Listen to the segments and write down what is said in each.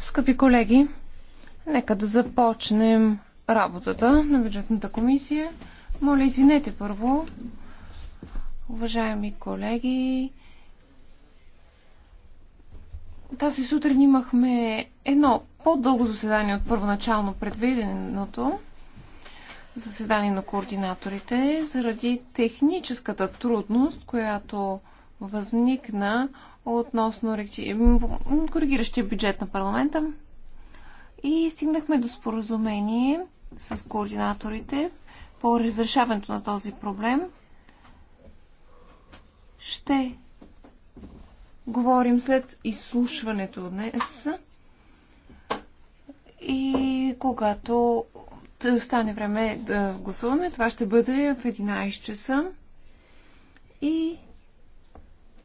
Скъпи колеги, нека да започнем работата на бюджетната комисия. Моля, извинете първо, уважаеми колеги. Тази сутрин имахме едно по-дълго заседание от първоначално предвиденото заседание на координаторите заради техническата трудност, която възникна относно коригиращия бюджет на парламента и стигнахме до споразумение с координаторите по разрешаването на този проблем. Ще говорим след изслушването днес и когато стане време да гласуваме, това ще бъде в 11 часа и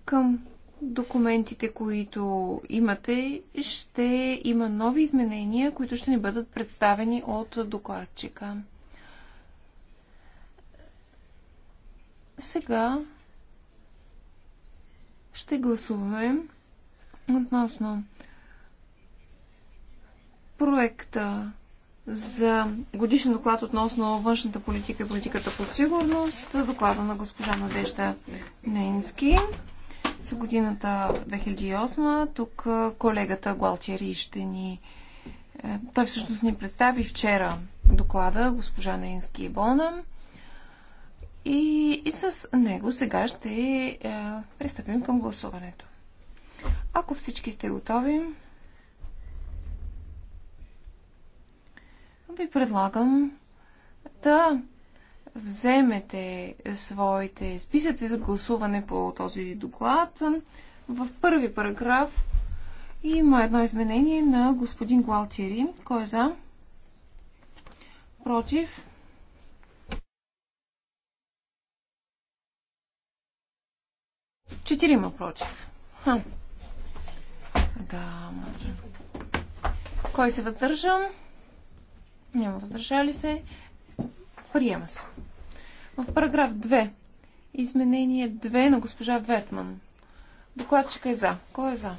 към документите, които имате, ще има нови изменения, които ще ни бъдат представени от докладчика. Сега ще гласуваме относно проекта за годишен доклад относно външната политика и политиката по сигурност, доклада на госпожа Надежда Нейнски с годината 2008. Тук колегата Гуалтиери ще ни... Е, той всъщност ни представи вчера доклада госпожа Нейнски и Бона. И, и с него сега ще е, пристъпим към гласуването. Ако всички сте готови, ви предлагам да вземете своите списъци за гласуване по този доклад, в първи параграф има едно изменение на господин Гуалтири. Кой е за? Против? Четирима против. Ха. Да, може. Кой се въздържа? Няма въздържали се. Приема се. В параграф 2. Изменение 2 на госпожа Вертман. Докладчика е за. Кой е за?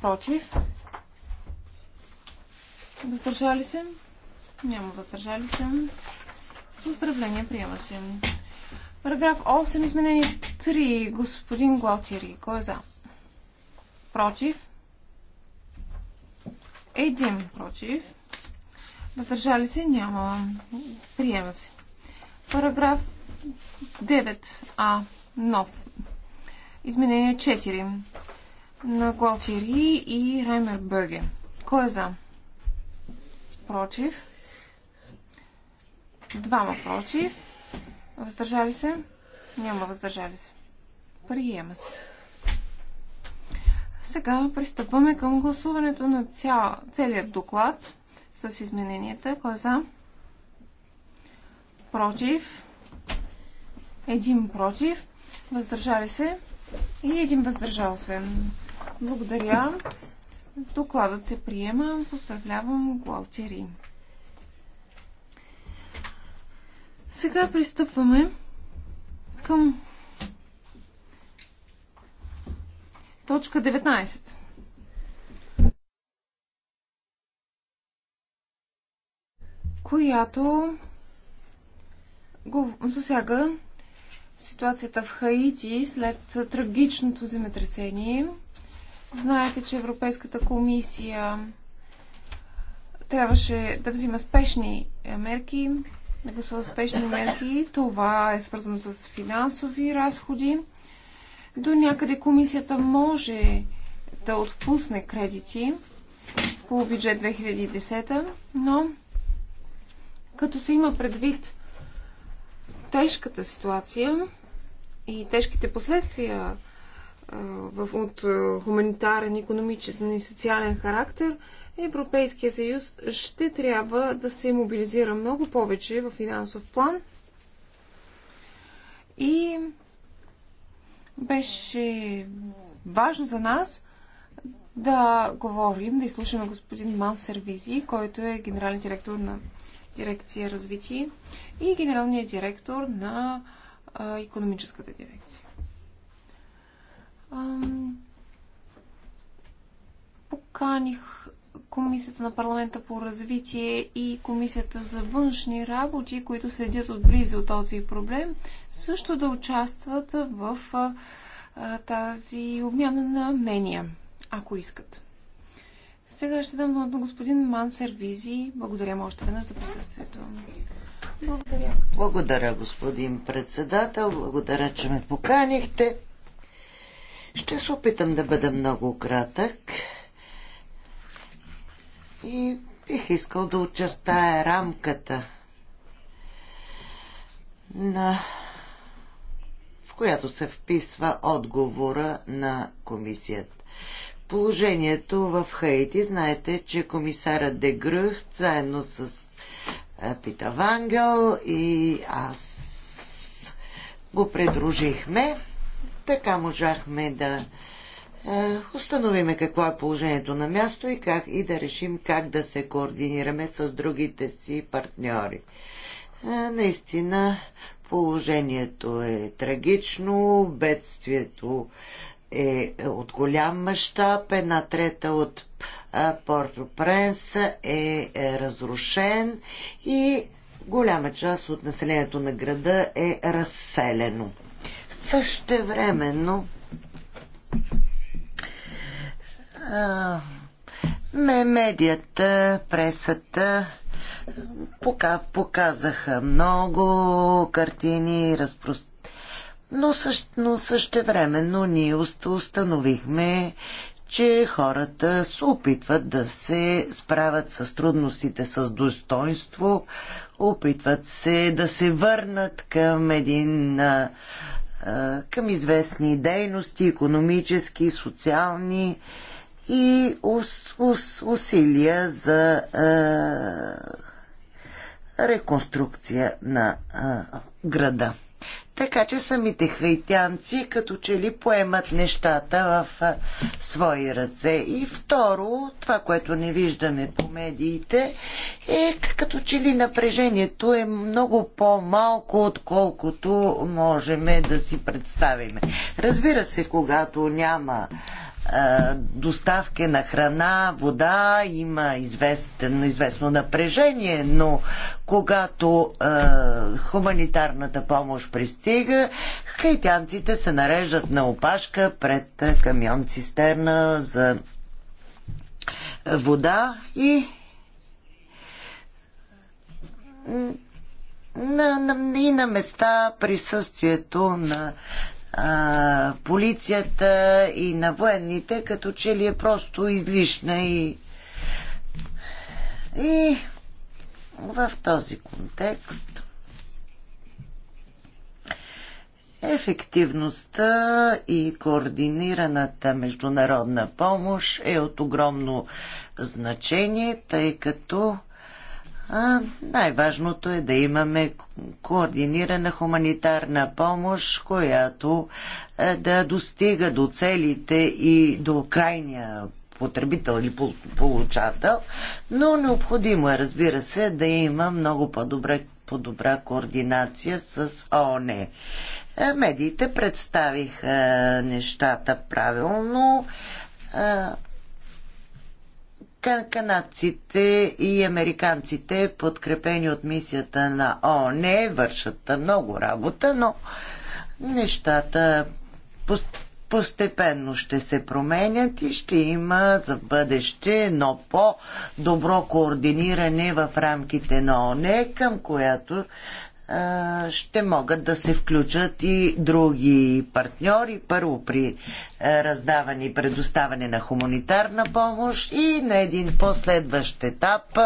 Против. Въздържали се? Няма въздържали се. Поздравление, приема се. Параграф 8, изменение 3. Господин Глотири, кой е за? Против. Един против. Въздържали се? Няма. Приема се. Параграф 9а. Нов. Изменение 4. На Гуалтири и Раймер Бъге. Кой е за? Против. Двама против. Въздържали се? Няма въздържали се. Приема се. Сега пристъпваме към гласуването на цял, целият доклад с измененията. Кой е за? против, един против, въздържали се и един въздържал се. Благодаря. Докладът се приема. Поздравлявам Гуалтери. Сега пристъпваме към точка 19. която го засяга ситуацията в Хаити след трагичното земетресение. Знаете, че Европейската комисия трябваше да взима спешни мерки, да гласува спешни мерки. Това е свързано с финансови разходи. До някъде комисията може да отпусне кредити по бюджет 2010, но като се има предвид тежката ситуация и тежките последствия от хуманитарен, економичен и социален характер, Европейския съюз ще трябва да се мобилизира много повече в финансов план. И беше важно за нас да говорим, да изслушаме господин Ман Сервизи, който е генерален директор на дирекция развитие и генералният директор на економическата дирекция. Поканих Комисията на парламента по развитие и Комисията за външни работи, които следят отблизо този проблем, също да участват в тази обмяна на мнения, ако искат. Сега ще дам на господин Мансер Визи. Благодаря му още веднъж за присъствието. Благодаря. Благодаря, господин председател. Благодаря, че ме поканихте. Ще се опитам да бъда много кратък. И бих искал да очертая рамката на в която се вписва отговора на комисията. Положението в Хаити, знаете, че комисарът Дегръх, заедно с е, Пита Вангел и аз го предружихме. Така можахме да е, установиме какво е положението на място и, как, и да решим как да се координираме с другите си партньори. Е, наистина положението е трагично, бедствието е от голям мащаб, една трета от Порто Пренс е, е разрушен и голяма част от населението на града е разселено. времено а, медията, пресата показаха много картини, разпространени но, също, но същевременно ние установихме, че хората се опитват да се справят с трудностите с достоинство, опитват се да се върнат към един към известни дейности, економически, социални и ус, ус, усилия за а, реконструкция на а, града. Така че самите хаитянци като че ли поемат нещата в а, свои ръце. И второ, това, което не виждаме по медиите, е като че ли напрежението е много по-малко, отколкото можем да си представим. Разбира се, когато няма е, доставки на храна, вода, има известен, известно напрежение, но когато е, хуманитарната помощ пристига, хайтянците се нареждат на опашка пред камион цистерна за вода и на, на, и на места присъствието на полицията и на военните, като че ли е просто излишна и. И в този контекст ефективността и координираната международна помощ е от огромно значение, тъй като най-важното е да имаме координирана хуманитарна помощ, която е, да достига до целите и до крайния потребител или получател, но необходимо е, разбира се, да има много по-добра, по-добра координация с ООН. Е, медиите представиха е, нещата правилно. Канадците и американците, подкрепени от мисията на ООН, вършат много работа, но нещата постепенно ще се променят и ще има за бъдеще едно по-добро координиране в рамките на ОНЕ, към която ще могат да се включат и други партньори. Първо при раздаване и предоставане на хуманитарна помощ и на един последващ етап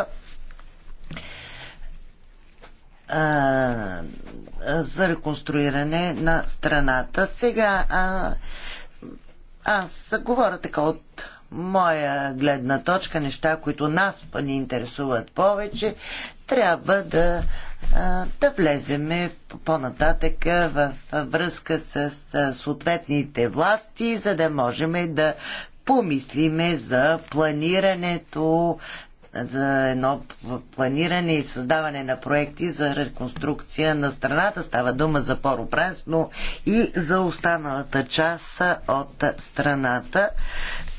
за реконструиране на страната. Сега аз говоря така от моя гледна точка, неща, които нас ни интересуват повече, трябва да, да влеземе по-нататък в връзка с съответните власти, за да можем да помислиме за планирането, за едно планиране и създаване на проекти за реконструкция на страната. Става дума за но и за останалата част от страната.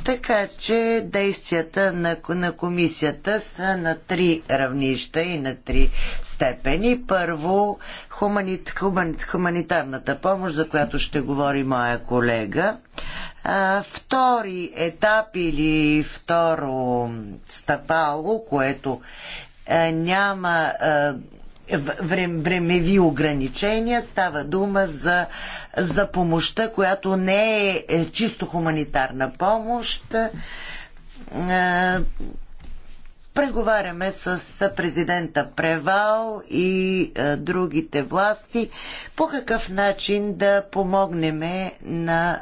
Така че действията на, на комисията са на три равнища и на три степени. Първо, хуманит, хуманит, хуманитарната помощ, за която ще говори моя колега втори етап или второ стъпало, което няма времеви ограничения. Става дума за, за помощта, която не е, е чисто хуманитарна помощ. Преговаряме с президента Превал и другите власти по какъв начин да помогнем на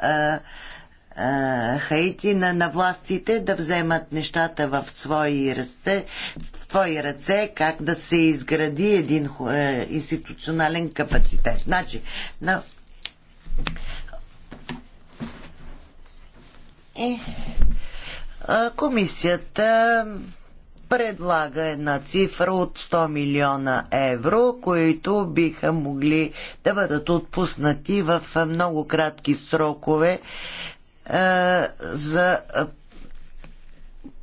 Хаити на, на властите да вземат нещата в свои, ръце, в твои ръце, как да се изгради един е, институционален капацитет. Значи, на... Е, а, комисията предлага една цифра от 100 милиона евро, които биха могли да бъдат отпуснати в много кратки срокове е, за е,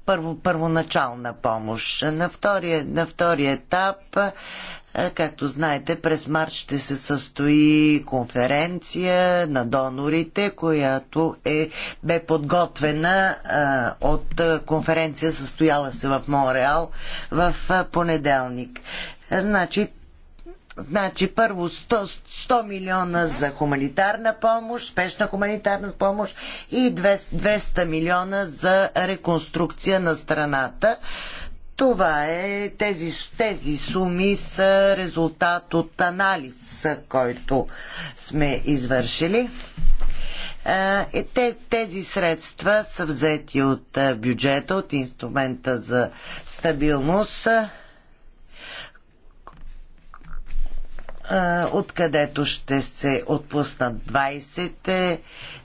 първо, първоначална помощ. На втория, на втория етап, е, както знаете, през март ще се състои конференция на донорите, която е, бе подготвена от конференция, състояла се в Монреал в понеделник. Значи, Значи първо 100, 100 милиона за хуманитарна помощ, спешна хуманитарна помощ и 200, 200 милиона за реконструкция на страната. Това е, тези, тези суми са резултат от анализ, който сме извършили. Е, тези средства са взети от бюджета, от инструмента за стабилност. откъдето ще се отпуснат 20,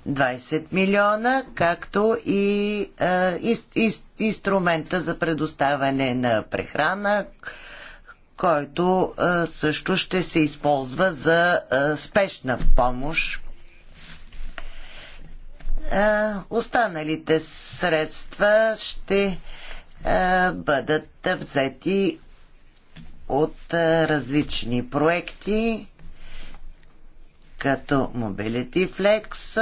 20 е, милиона, както и из, из, инструмента за предоставяне на прехрана, който също ще се използва за спешна помощ. Останалите средства ще бъдат взети от различни проекти, като Mobility Flex.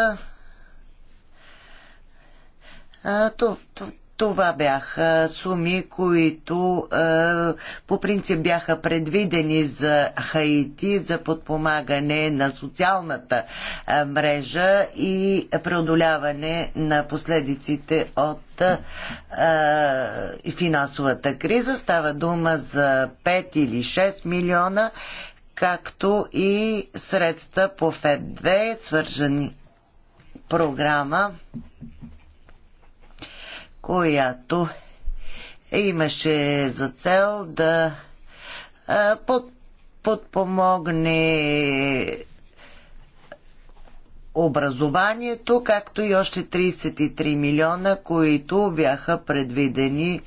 А, то, то, това бяха суми, които е, по принцип бяха предвидени за Хаити, за подпомагане на социалната е, мрежа и преодоляване на последиците от е, финансовата криза. Става дума за 5 или 6 милиона, както и средства по ФЕД 2, свържени програма която имаше за цел да под, подпомогне образованието, както и още 33 милиона, които бяха предвидени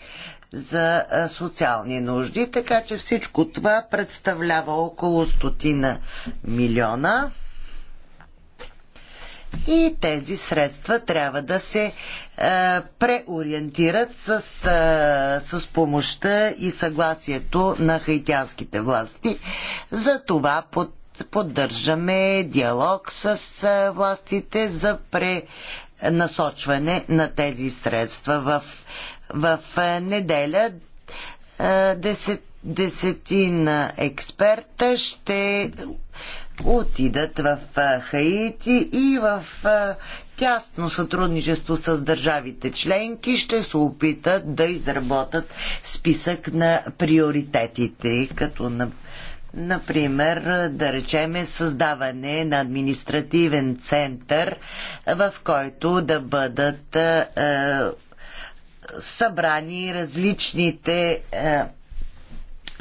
за социални нужди. Така че всичко това представлява около стотина милиона и тези средства трябва да се е, преориентират с, е, с помощта и съгласието на хаитянските власти. За това под, поддържаме диалог с е, властите за пренасочване на тези средства. В, в е, неделя е, десетина експерта ще отидат в Хаити и в тясно сътрудничество с държавите членки ще се опитат да изработят списък на приоритетите, като на Например, да речеме създаване на административен център, в който да бъдат е, събрани различните е,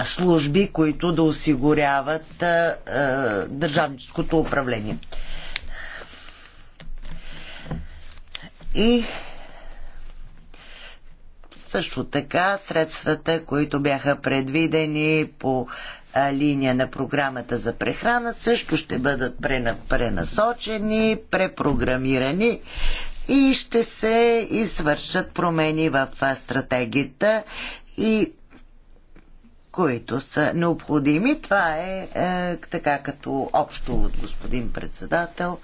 служби, които да осигуряват а, а, държавническото управление. И също така средствата, които бяха предвидени по линия на програмата за прехрана, също ще бъдат пренасочени, препрограмирани и ще се извършат промени в стратегията и които са необходими. Това е, е така като общо от господин председател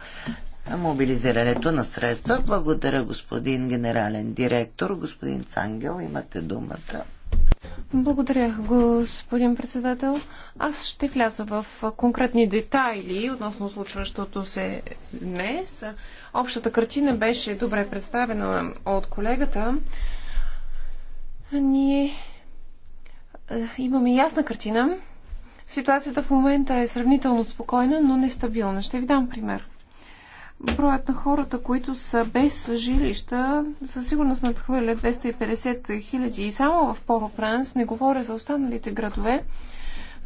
мобилизирането на средства. Благодаря господин генерален директор. Господин Цангел, имате думата. Благодаря, господин председател. Аз ще вляза в конкретни детайли относно случващото се днес. Общата картина беше добре представена от колегата. Ние е, имаме ясна картина. Ситуацията в момента е сравнително спокойна, но нестабилна. Ще ви дам пример. Броят на хората, които са без жилища, със сигурност надхвърля 250 хиляди и само в Поропранс, не говоря за останалите градове,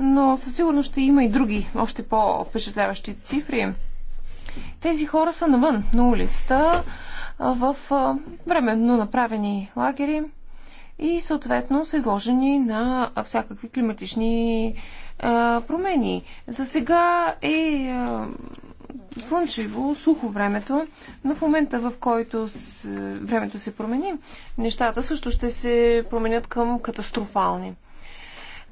но със сигурност ще има и други, още по-впечатляващи цифри. Тези хора са навън, на улицата, в временно направени лагери – и съответно са изложени на всякакви климатични а, промени. За сега е а, слънчево, сухо времето, но в момента в който с, времето се промени, нещата също ще се променят към катастрофални.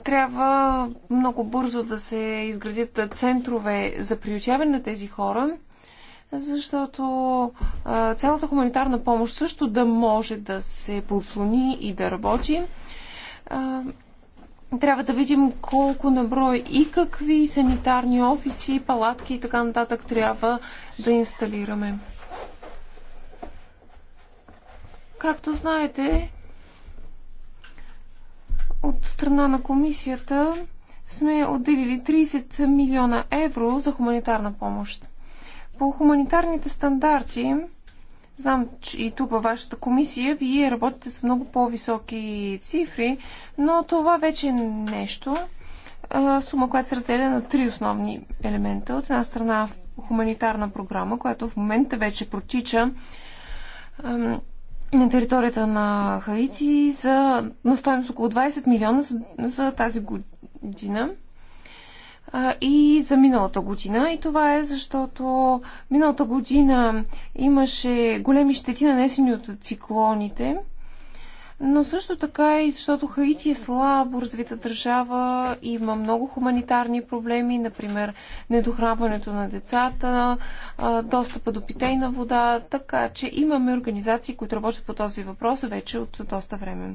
Трябва много бързо да се изградят центрове за приютяване на тези хора защото а, цялата хуманитарна помощ също да може да се подслони и да работи. А, трябва да видим колко наброй и какви санитарни офиси, палатки и така нататък трябва да инсталираме. Както знаете, от страна на комисията сме отделили 30 милиона евро за хуманитарна помощ. По хуманитарните стандарти, знам, че и тук във вашата комисия вие работите с много по-високи цифри, но това вече е нещо. Сума, която се разделя на три основни елемента. От една страна хуманитарна програма, която в момента вече протича на територията на Хаити за, настойност около 20 милиона за, за тази година и за миналата година. И това е защото миналата година имаше големи щети нанесени от циклоните, но също така и защото Хаити е слабо развита държава, има много хуманитарни проблеми, например недохранването на децата, достъпа до питейна вода, така че имаме организации, които работят по този въпрос вече от доста време.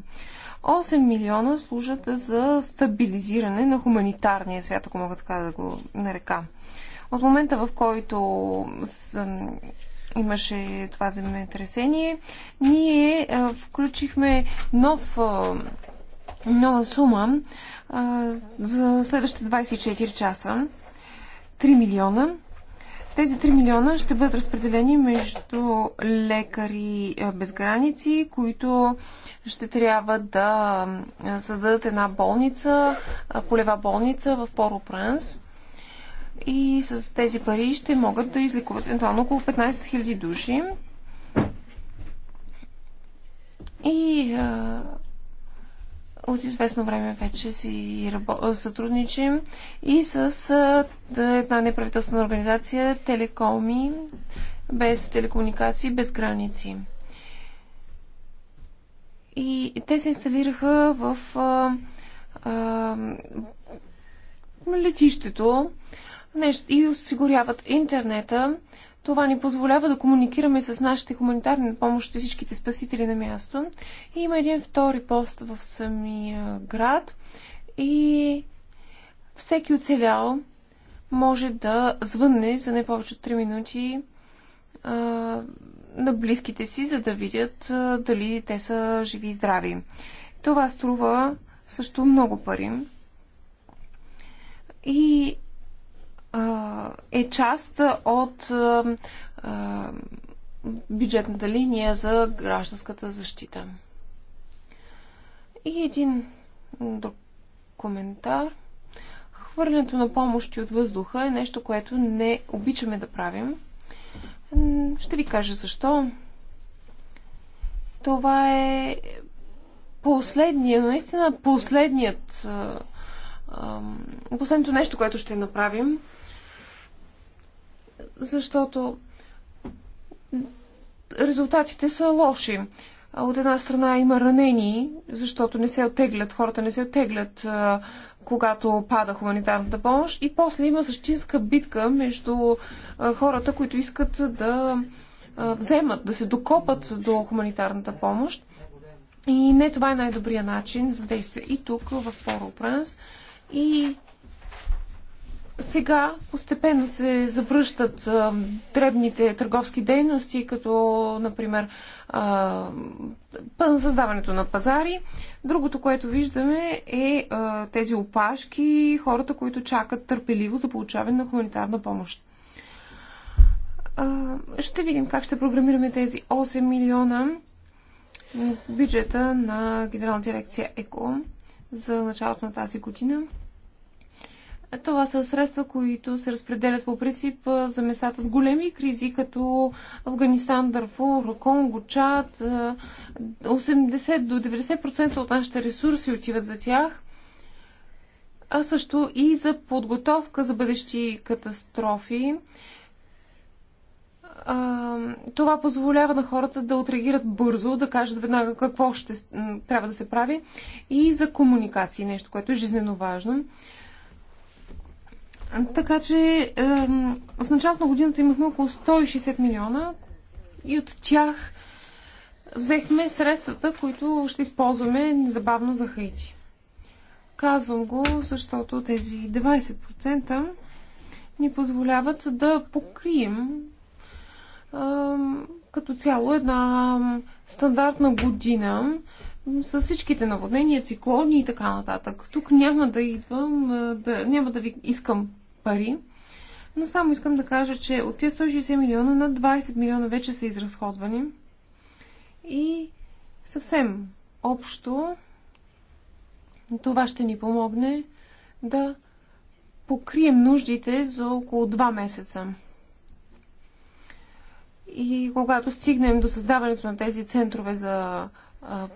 8 милиона служат за стабилизиране на хуманитарния свят, ако мога така да го нарека. От момента, в който съм, имаше това земетресение, ние а, включихме нов, а, нова сума а, за следващите 24 часа. 3 милиона тези 3 милиона ще бъдат разпределени между лекари е, без граници, които ще трябва да е, създадат една болница, е, полева болница в Поро-Пранс. И с тези пари ще могат да излекуват евентуално около 15 000 души. И от известно време вече си рабо... сътрудничим и с една неправителствена организация Телекоми без телекомуникации, без граници. И те се инсталираха в а, а, летището нещо, и осигуряват интернета това ни позволява да комуникираме с нашите хуманитарни помощи, всичките спасители на място. И има един втори пост в самия град и всеки оцелял може да звънне за не повече от 3 минути а, на близките си, за да видят а, дали те са живи и здрави. Това струва също много пари. И е част от е, е, бюджетната линия за гражданската защита. И един друг коментар. Хвърлянето на помощи от въздуха е нещо, което не обичаме да правим. Ще ви кажа защо. Това е последния, наистина последният, е, последното нещо, което ще направим защото резултатите са лоши. От една страна има ранени, защото не се оттеглят, хората не се оттеглят, когато пада хуманитарната помощ. И после има същинска битка между хората, които искат да вземат, да се докопат до хуманитарната помощ. И не това е най-добрият начин за действие. И тук в Поро Пренс, и сега постепенно се завръщат а, дребните търговски дейности, като, например, а, създаването на пазари. Другото, което виждаме е а, тези опашки и хората, които чакат търпеливо за получаване на хуманитарна помощ. ще видим как ще програмираме тези 8 милиона бюджета на Генерална дирекция ЕКО за началото на тази година. Това са средства, които се разпределят по принцип за местата с големи кризи, като Афганистан, Дарфур, Конго, Чад. 80 до 90% от нашите ресурси отиват за тях, а също и за подготовка за бъдещи катастрофи. Това позволява на хората да отреагират бързо, да кажат веднага какво ще трябва да се прави и за комуникации, нещо, което е жизненно важно. Така че в началото на годината имахме около 160 милиона и от тях взехме средствата, които ще използваме незабавно за Хаити. Казвам го, защото тези 20% ни позволяват да покрием като цяло една стандартна година с всичките наводнения, циклони и така нататък. Тук няма да идвам, е, да, няма да ви искам пари. Но само искам да кажа, че от тези 160 милиона на 20 милиона вече са изразходвани. И съвсем общо това ще ни помогне да покрием нуждите за около 2 месеца. И когато стигнем до създаването на тези центрове за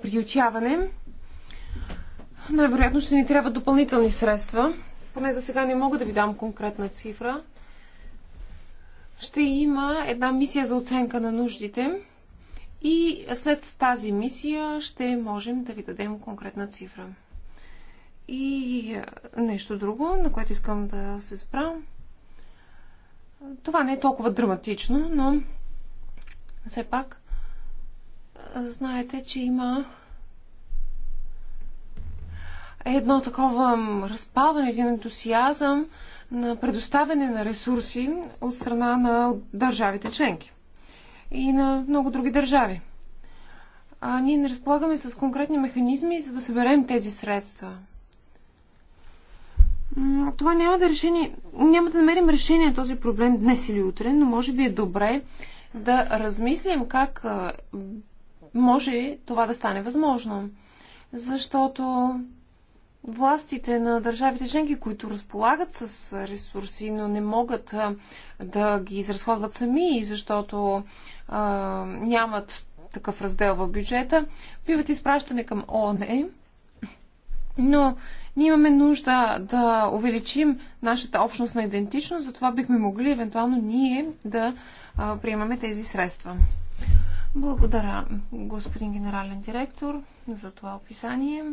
приютяване, най-вероятно ще ни трябва допълнителни средства, поне за сега не мога да ви дам конкретна цифра, ще има една мисия за оценка на нуждите и след тази мисия ще можем да ви дадем конкретна цифра. И е, нещо друго, на което искам да се спра. Това не е толкова драматично, но все пак е, знаете, че има едно такова разпалване, един ентусиазъм на предоставяне на ресурси от страна на държавите членки и на много други държави. А ние не разполагаме с конкретни механизми, за да съберем тези средства. Това няма да, решение, няма да намерим решение на този проблем днес или утре, но може би е добре да размислим как може това да стане възможно. Защото властите на държавите членки, които разполагат с ресурси, но не могат да ги изразходват сами, защото а, нямат такъв раздел в бюджета, биват изпращане към ООН. Но ние имаме нужда да увеличим нашата общност на идентичност, затова бихме могли евентуално ние да а, приемаме тези средства. Благодаря, господин генерален директор, за това описание.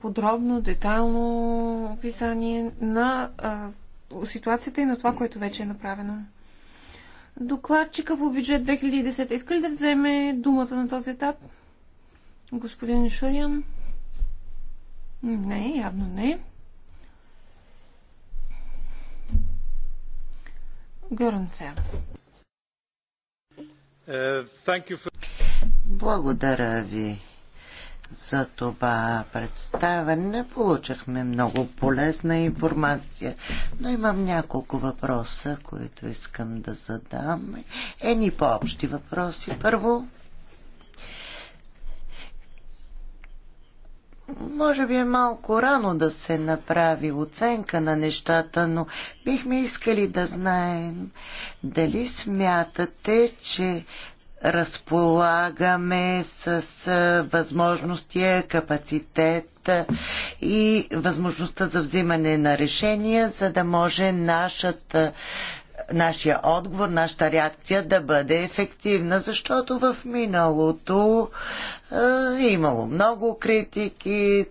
подробно, детайлно описание на ситуацията и на това, което вече е направено. Докладчика по бюджет 2010. Иска ли да вземе думата на този етап? Господин Шуриан? Не, явно не. Гърнфел. Е, Благодаря ви за това представене. Получихме много полезна информация, но имам няколко въпроса, които искам да задам. Ени по-общи въпроси. Първо, може би е малко рано да се направи оценка на нещата, но бихме искали да знаем дали смятате, че разполагаме с възможности, капацитет и възможността за взимане на решения, за да може нашата нашия отговор, нашата реакция да бъде ефективна, защото в миналото е имало много критики,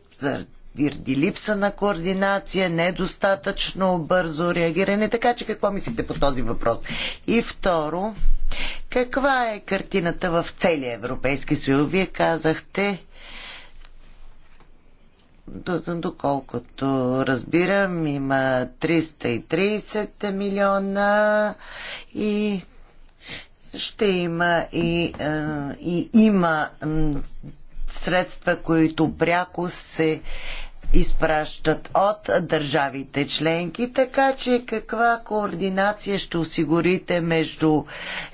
твърди липса на координация, недостатъчно бързо реагиране. Така че какво мислите по този въпрос? И второ, каква е картината в целия Европейски съюз? Вие казахте, доколкото разбирам, има 330 милиона и ще има и, и има средства, които пряко се изпращат от държавите членки, така че каква координация ще осигурите между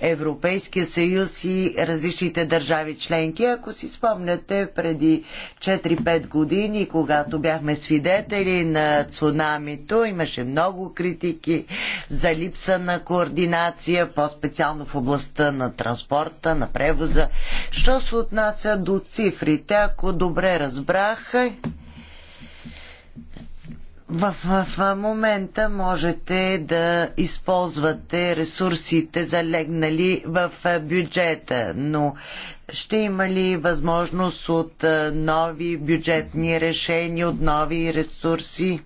Европейския съюз и различните държави членки? Ако си спомняте, преди 4-5 години, когато бяхме свидетели на цунамито, имаше много критики за липса на координация, по-специално в областта на транспорта, на превоза. Що се отнася до цифрите, ако добре разбрах, в, в, в момента можете да използвате ресурсите залегнали в бюджета, но ще има ли възможност от нови бюджетни решения, от нови ресурси?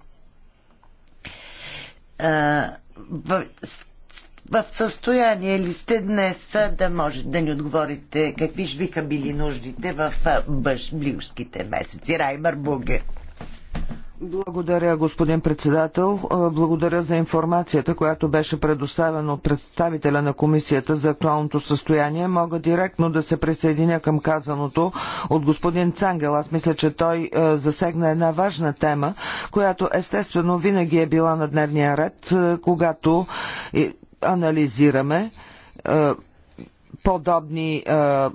В, в състояние ли сте днес да можете да ни отговорите какви биха били нуждите в близките месеци? Раймър Буге. Благодаря, господин председател. Благодаря за информацията, която беше предоставена от представителя на комисията за актуалното състояние. Мога директно да се присъединя към казаното от господин Цангел. Аз мисля, че той засегна една важна тема, която естествено винаги е била на дневния ред, когато анализираме подобни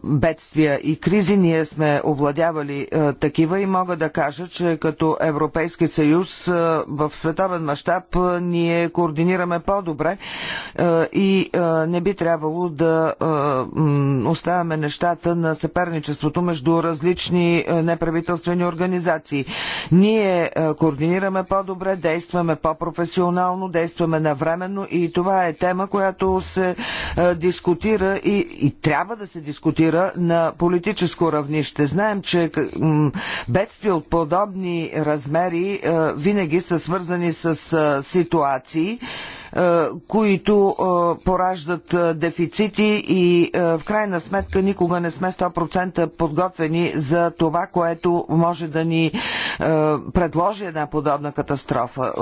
бедствия и кризи. Ние сме овладявали такива и мога да кажа, че като Европейски съюз в световен мащаб ние координираме по-добре и не би трябвало да оставяме нещата на съперничеството между различни неправителствени организации. Ние координираме по-добре, действаме по-професионално, действаме навременно и това е тема, която се дискутира и и трябва да се дискутира на политическо равнище. Знаем, че бедствия от подобни размери е, винаги са свързани с е, ситуации, е, които е, пораждат е, дефицити и в крайна сметка никога не сме 100% подготвени за това, което може да ни предложи една подобна катастрофа.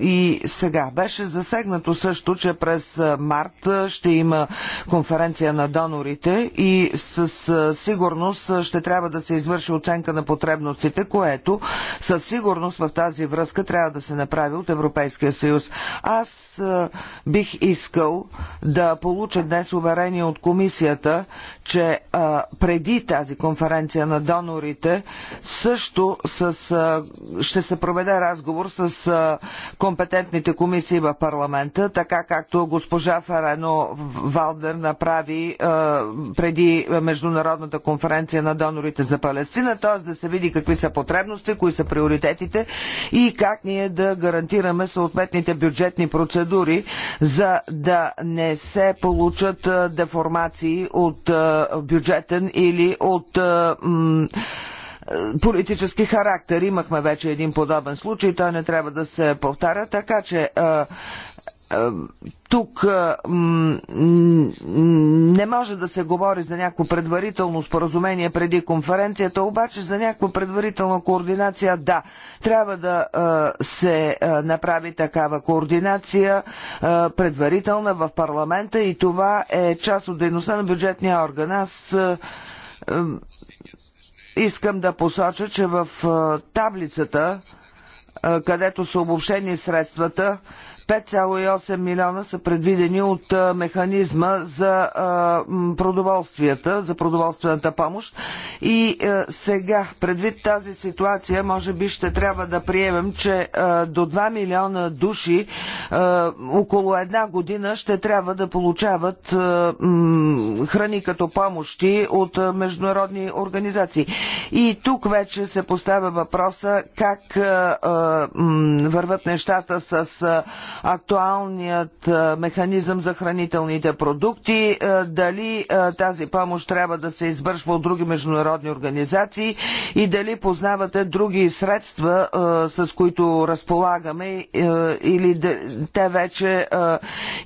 И сега беше засегнато също, че през март ще има конференция на донорите и със сигурност ще трябва да се извърши оценка на потребностите, което със сигурност в тази връзка трябва да се направи от Европейския съюз. Аз бих искал да получа днес уверение от комисията, че преди тази конференция на донорите също с, ще се проведе разговор с компетентните комисии в парламента, така както госпожа Фарено Валдер направи преди Международната конференция на донорите за Палестина, т.е. да се види какви са потребности, кои са приоритетите и как ние да гарантираме съответните бюджетни процедури процедури, за да не се получат деформации от бюджетен или от политически характер. Имахме вече един подобен случай, той не трябва да се повтаря, така че тук не може да се говори за някакво предварително споразумение преди конференцията, обаче за някаква предварителна координация, да, трябва да се направи такава координация предварителна в парламента и това е част от дейността на бюджетния орган. Аз искам да посоча, че в таблицата, където са обобщени средствата, 5,8 милиона са предвидени от механизма за продоволствията, за продоволствената помощ. И сега, предвид тази ситуация, може би ще трябва да приемем, че до 2 милиона души около една година ще трябва да получават храни като помощи от международни организации. И тук вече се поставя въпроса как върват нещата с актуалният механизъм за хранителните продукти, дали тази помощ трябва да се извършва от други международни организации и дали познавате други средства, с които разполагаме или те вече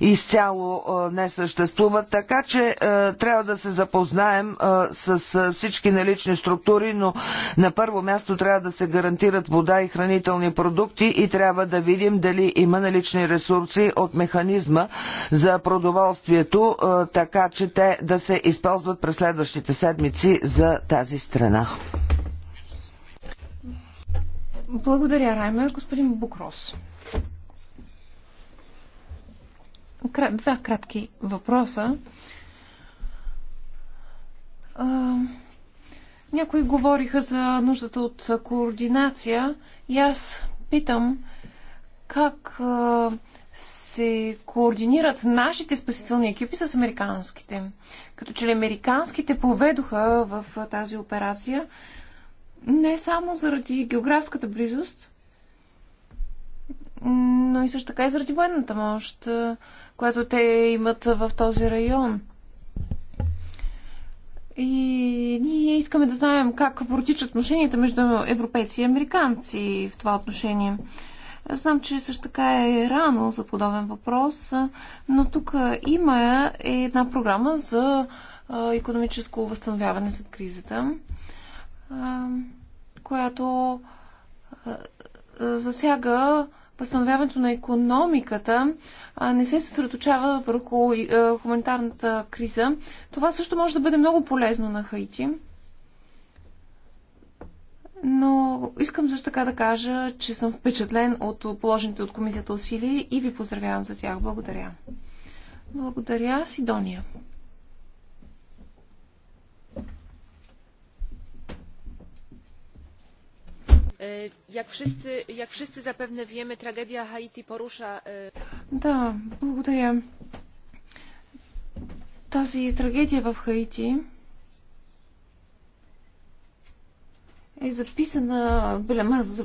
изцяло не съществуват. Така че трябва да се запознаем с всички налични структури, но на първо място трябва да се гарантират вода и хранителни продукти и трябва да видим дали има налични достатъчни ресурси от механизма за продоволствието, е, така че те да се използват през следващите седмици за тази страна. Благодаря, Райме. Господин Букрос. Два кратки въпроса. Някои говориха за нуждата от координация и аз питам как се координират нашите спасителни екипи с американските. Като че ли американските поведоха в тази операция не само заради географската близост, но и също така и заради военната мощ, която те имат в този район. И ние искаме да знаем как протичат отношенията между европейци и американци в това отношение. Знам, че също така е рано за подобен въпрос, но тук има е една програма за економическо възстановяване след кризата, която засяга възстановяването на економиката, не се съсредоточава върху хуманитарната криза. Това също може да бъде много полезно на Хаити но искам също така да кажа, че съм впечатлен от положените от комисията усилия и ви поздравявам за тях. Благодаря. Благодаря, Сидония. Jak е, wszyscy, jak wszyscy zapewne wiemy, tragedia Haiti porusza. E, да, благодаря. Тази трагедия в Хаити е записана,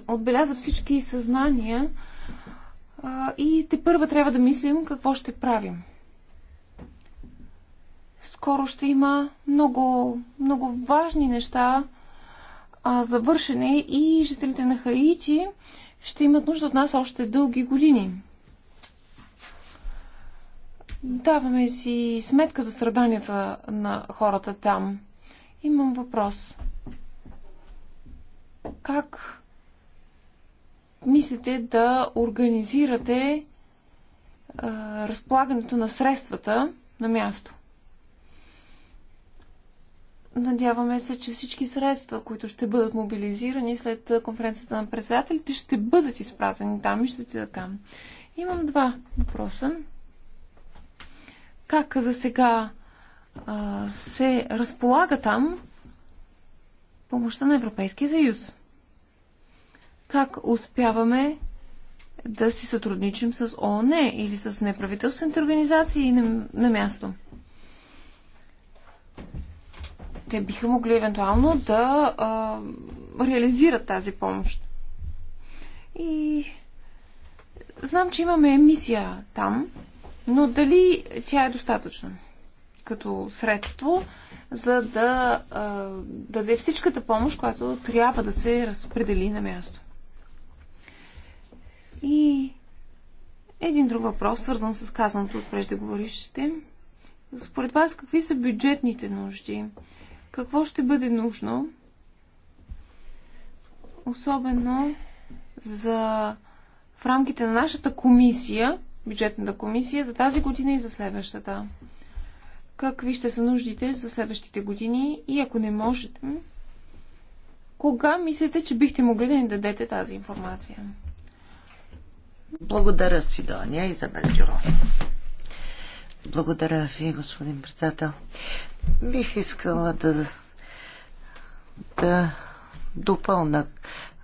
отбеляза всички съзнания и те първа трябва да мислим какво ще правим. Скоро ще има много, много важни неща а, за вършене и жителите на Хаити ще имат нужда от нас още дълги години. Даваме си сметка за страданията на хората там. Имам въпрос как мислите да организирате а, разполагането на средствата на място? Надяваме се, че всички средства, които ще бъдат мобилизирани след конференцията на председателите, ще бъдат изпратени там и ще отидат там. Имам два въпроса. Как за сега а, се разполага там помощта на Европейския съюз. Как успяваме да си сътрудничим с ООН или с неправителствените организации на, на място? Те биха могли евентуално да а, реализират тази помощ. И знам, че имаме мисия там, но дали тя е достатъчна като средство за да а, даде всичката помощ, която трябва да се разпредели на място. И един друг въпрос, свързан с казаното от преждеговорившите. Според вас, какви са бюджетните нужди? Какво ще бъде нужно? Особено за в рамките на нашата комисия, бюджетната комисия, за тази година и за следващата какви ще са нуждите за следващите години и ако не можете, кога мислите, че бихте могли да ни дадете тази информация? Благодаря, Сидония и за Бельгюро. Благодаря ви, господин председател. Бих искала да, да допълна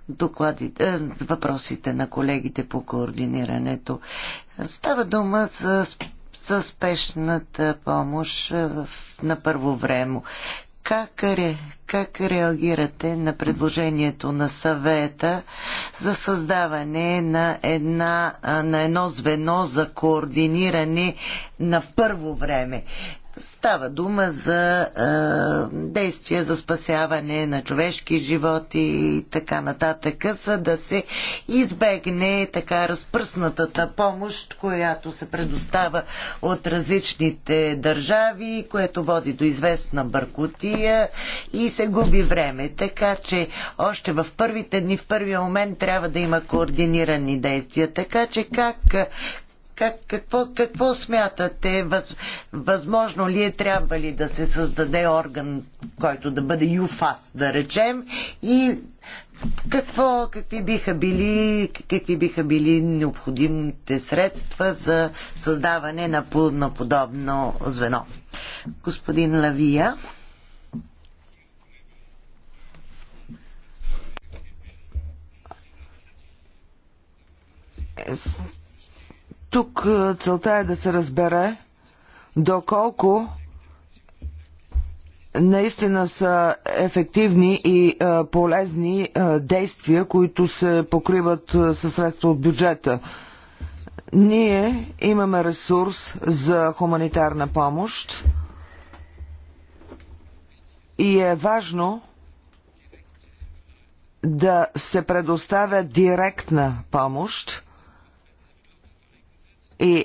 докладите, е, въпросите на колегите по координирането. Става дума за за спешната помощ на първо време. Как, ре, как реагирате на предложението на съвета за създаване на, една, на едно звено за координиране на първо време? Става дума за е, действия за спасяване на човешки животи и така нататък, за да се избегне така разпръснатата помощ, която се предостава от различните държави, което води до известна бъркотия и се губи време. Така че още в първите дни, в първия момент трябва да има координирани действия. Така че как как, какво, какво смятате? Въз, възможно ли е, трябва ли да се създаде орган, който да бъде ЮФАС, да речем? И какво, какви, биха били, какви биха били необходимите средства за създаване на, на подобно звено? Господин Лавия. Yes тук целта е да се разбере доколко наистина са ефективни и полезни действия, които се покриват със средства от бюджета. Ние имаме ресурс за хуманитарна помощ и е важно да се предоставя директна помощ и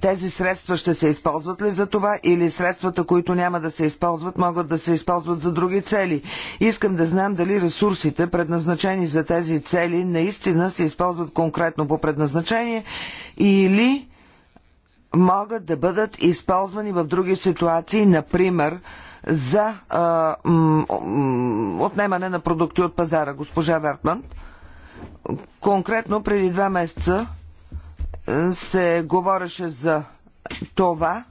тези средства ще се използват ли за това или средствата, които няма да се използват, могат да се използват за други цели? Искам да знам дали ресурсите, предназначени за тези цели, наистина се използват конкретно по предназначение или могат да бъдат използвани в други ситуации, например за а, отнемане на продукти от пазара. Госпожа Вертман, конкретно преди два месеца се говореше за това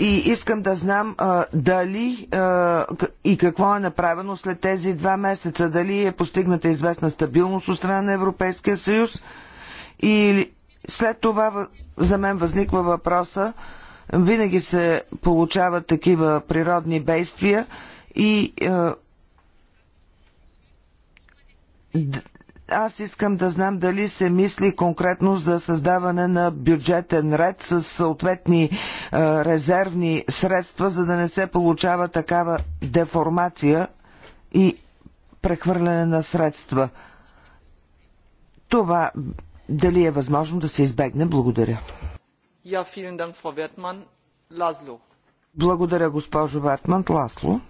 и искам да знам дали и какво е направено след тези два месеца. Дали е постигната известна стабилност от страна на Европейския съюз и след това за мен възниква въпроса винаги се получават такива природни действия и аз искам да знам дали се мисли конкретно за създаване на бюджетен ред с съответни е, резервни средства, за да не се получава такава деформация и прехвърляне на средства. Това дали е възможно да се избегне? Благодаря. Благодаря, госпожо Вертман. Ласло.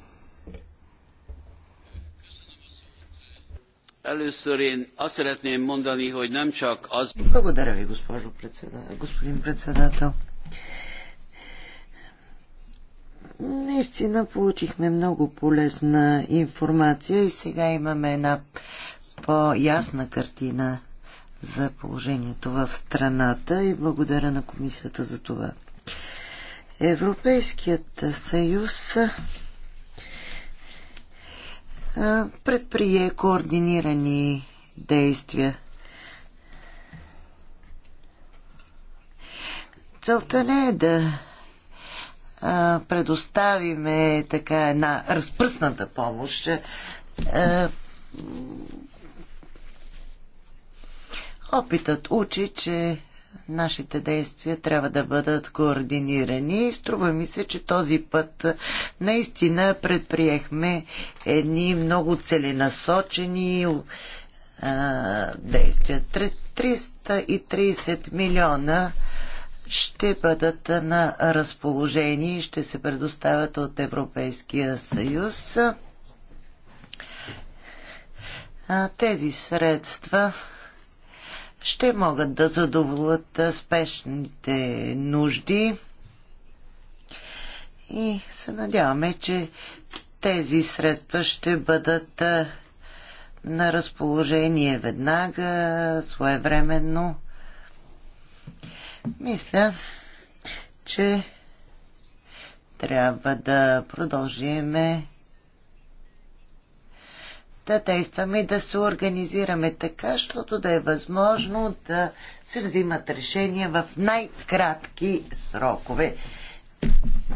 Először én azt szeretném mondani, hogy nem csak az... Благодаря ви, госпожо председател, господин председател. Наистина получихме много полезна информация и сега имаме една по-ясна картина за положението в страната и благодаря на комисията за това. Европейският съюз предприе координирани действия. Целта не е да предоставиме така една разпръсната помощ. Опитът учи, че нашите действия трябва да бъдат координирани. И струва ми се, че този път наистина предприехме едни много целенасочени а, действия. 330 милиона ще бъдат на разположение и ще се предоставят от Европейския съюз. А, тези средства ще могат да задоволят спешните нужди и се надяваме, че тези средства ще бъдат на разположение веднага, своевременно. Мисля, че трябва да продължиме да действаме и да се организираме така, защото да е възможно да се взимат решения в най-кратки срокове.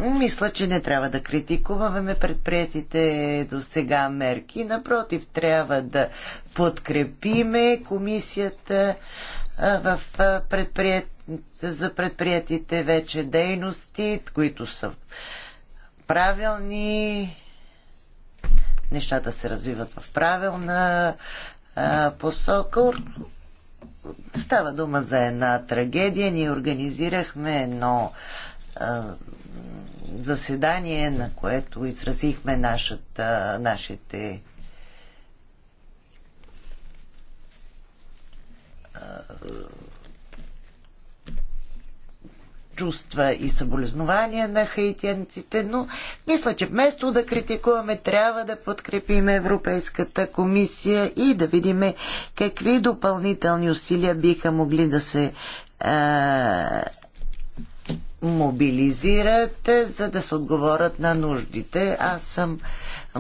Мисля, че не трябва да критикуваме предприятите до сега мерки. Напротив, трябва да подкрепиме комисията в предприят... за предприятите вече дейности, които са правилни, нещата се развиват в правилна а, посока. Става дума за една трагедия. Ние организирахме едно а, заседание, на което изразихме нашата, нашите а, чувства и съболезнования на хаитянците, но мисля, че вместо да критикуваме, трябва да подкрепим Европейската комисия и да видим какви допълнителни усилия биха могли да се а, мобилизират, за да се отговорят на нуждите. Аз съм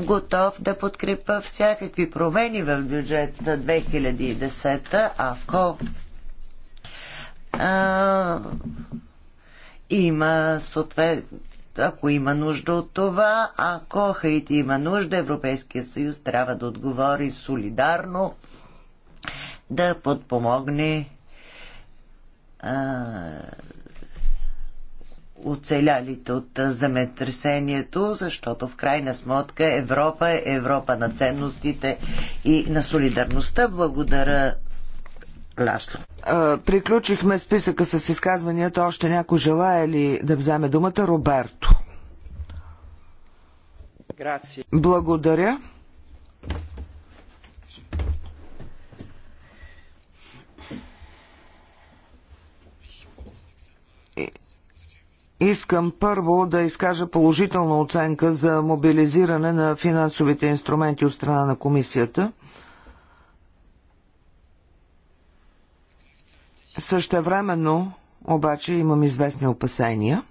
готов да подкрепа всякакви промени в бюджет 2010, ако а, има съответно ако има нужда от това, ако Хаити има нужда, Европейския съюз трябва да отговори солидарно, да подпомогне а, оцелялите от земетресението, защото в крайна сметка Европа е Европа на ценностите и на солидарността. Благодаря Ласло. Приключихме списъка с изказванията. Още някой желая ли да вземе думата? Роберто. Грация. Благодаря. Искам първо да изкажа положителна оценка за мобилизиране на финансовите инструменти от страна на комисията. Същевременно, обаче, имам известни опасения.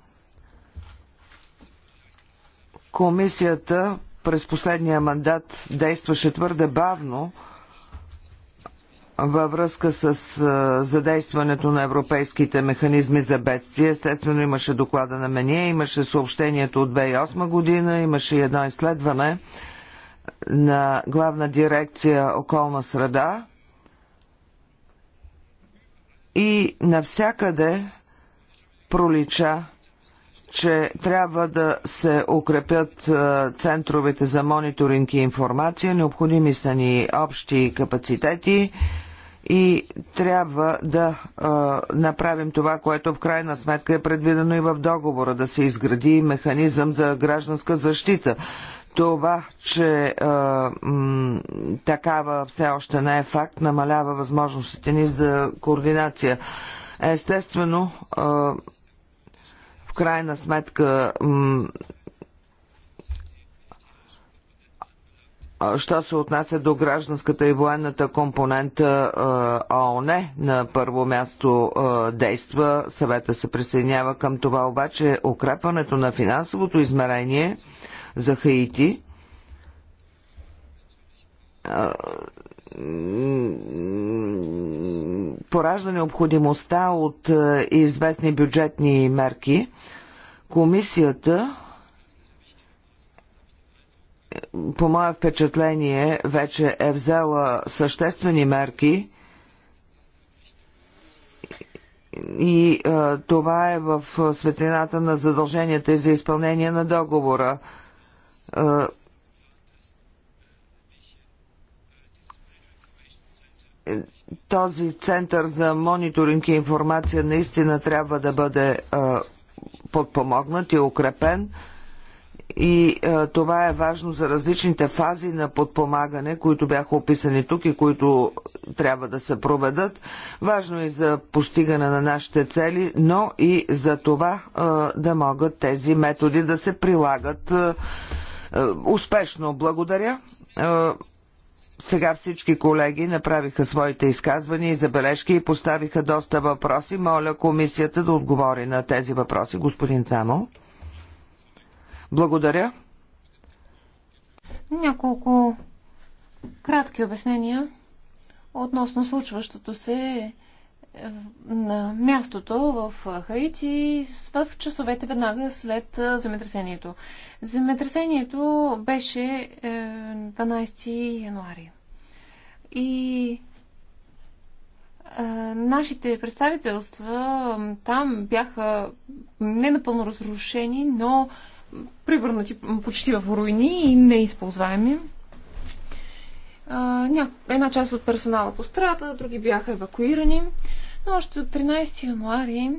Комисията през последния мандат действаше твърде бавно във връзка с задействането на европейските механизми за бедствие. Естествено имаше доклада на мене, имаше съобщението от 2008 година, имаше едно изследване на главна дирекция околна среда и навсякъде пролича, че трябва да се укрепят е, центровете за мониторинг и информация, необходими са ни общи капацитети и трябва да а, е, направим това, което в крайна сметка е предвидено и в договора, да се изгради механизъм за гражданска защита това, че а, м, такава все още не е факт, намалява възможностите ни за координация. Естествено, а, в крайна сметка, м, що се отнася до гражданската и военната компонента ООН е на първо място действа, съвета се присъединява към това обаче укрепването на финансовото измерение – за Хаити. Поражда необходимостта от известни бюджетни мерки. Комисията по мое впечатление, вече е взела съществени мерки и а, това е в светлината на задълженията и за изпълнение на договора. Е, този център за мониторинг и информация наистина трябва да бъде подпомогнат и укрепен и това е важно за различните фази на подпомагане, които бяха описани тук и които трябва да се проведат. Важно е за постигане на нашите цели, но и за това да могат тези методи да се прилагат е, е, успешно, благодаря. Е, сега всички колеги направиха своите изказвания и забележки и поставиха доста въпроси. Моля комисията да отговори на тези въпроси. Господин Цамо. Благодаря. Няколко кратки обяснения относно случващото се на мястото в Хаити в часовете веднага след земетресението. Земетресението беше 12 е, януари. И нашите представителства там бяха не напълно разрушени, но превърнати почти в руини и неизползваеми. Една част от персонала пострада, други бяха евакуирани. Но още до 13 януари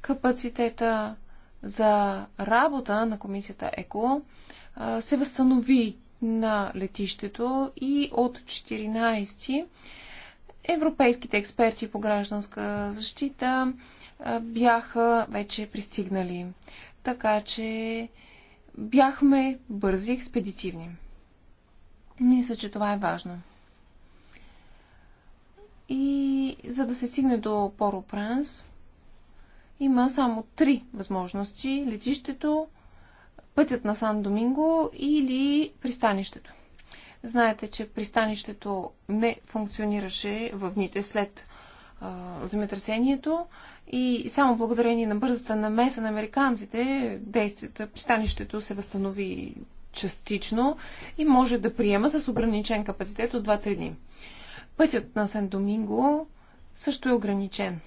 капацитета за работа на комисията ЕКО се възстанови на летището и от 14 европейските експерти по гражданска защита бяха вече пристигнали. Така че бяхме бързи, експедитивни. Мисля, че това е важно. И за да се стигне до Поро-Пранс, има само три възможности. Летището, пътят на Сан-Доминго или пристанището. Знаете, че пристанището не функционираше в дните след а, земетресението и само благодарение на бързата намеса на американците действията, пристанището се възстанови частично и може да приема с ограничен капацитет от 2-3 дни. Пътят на Сен Доминго също е ограничен.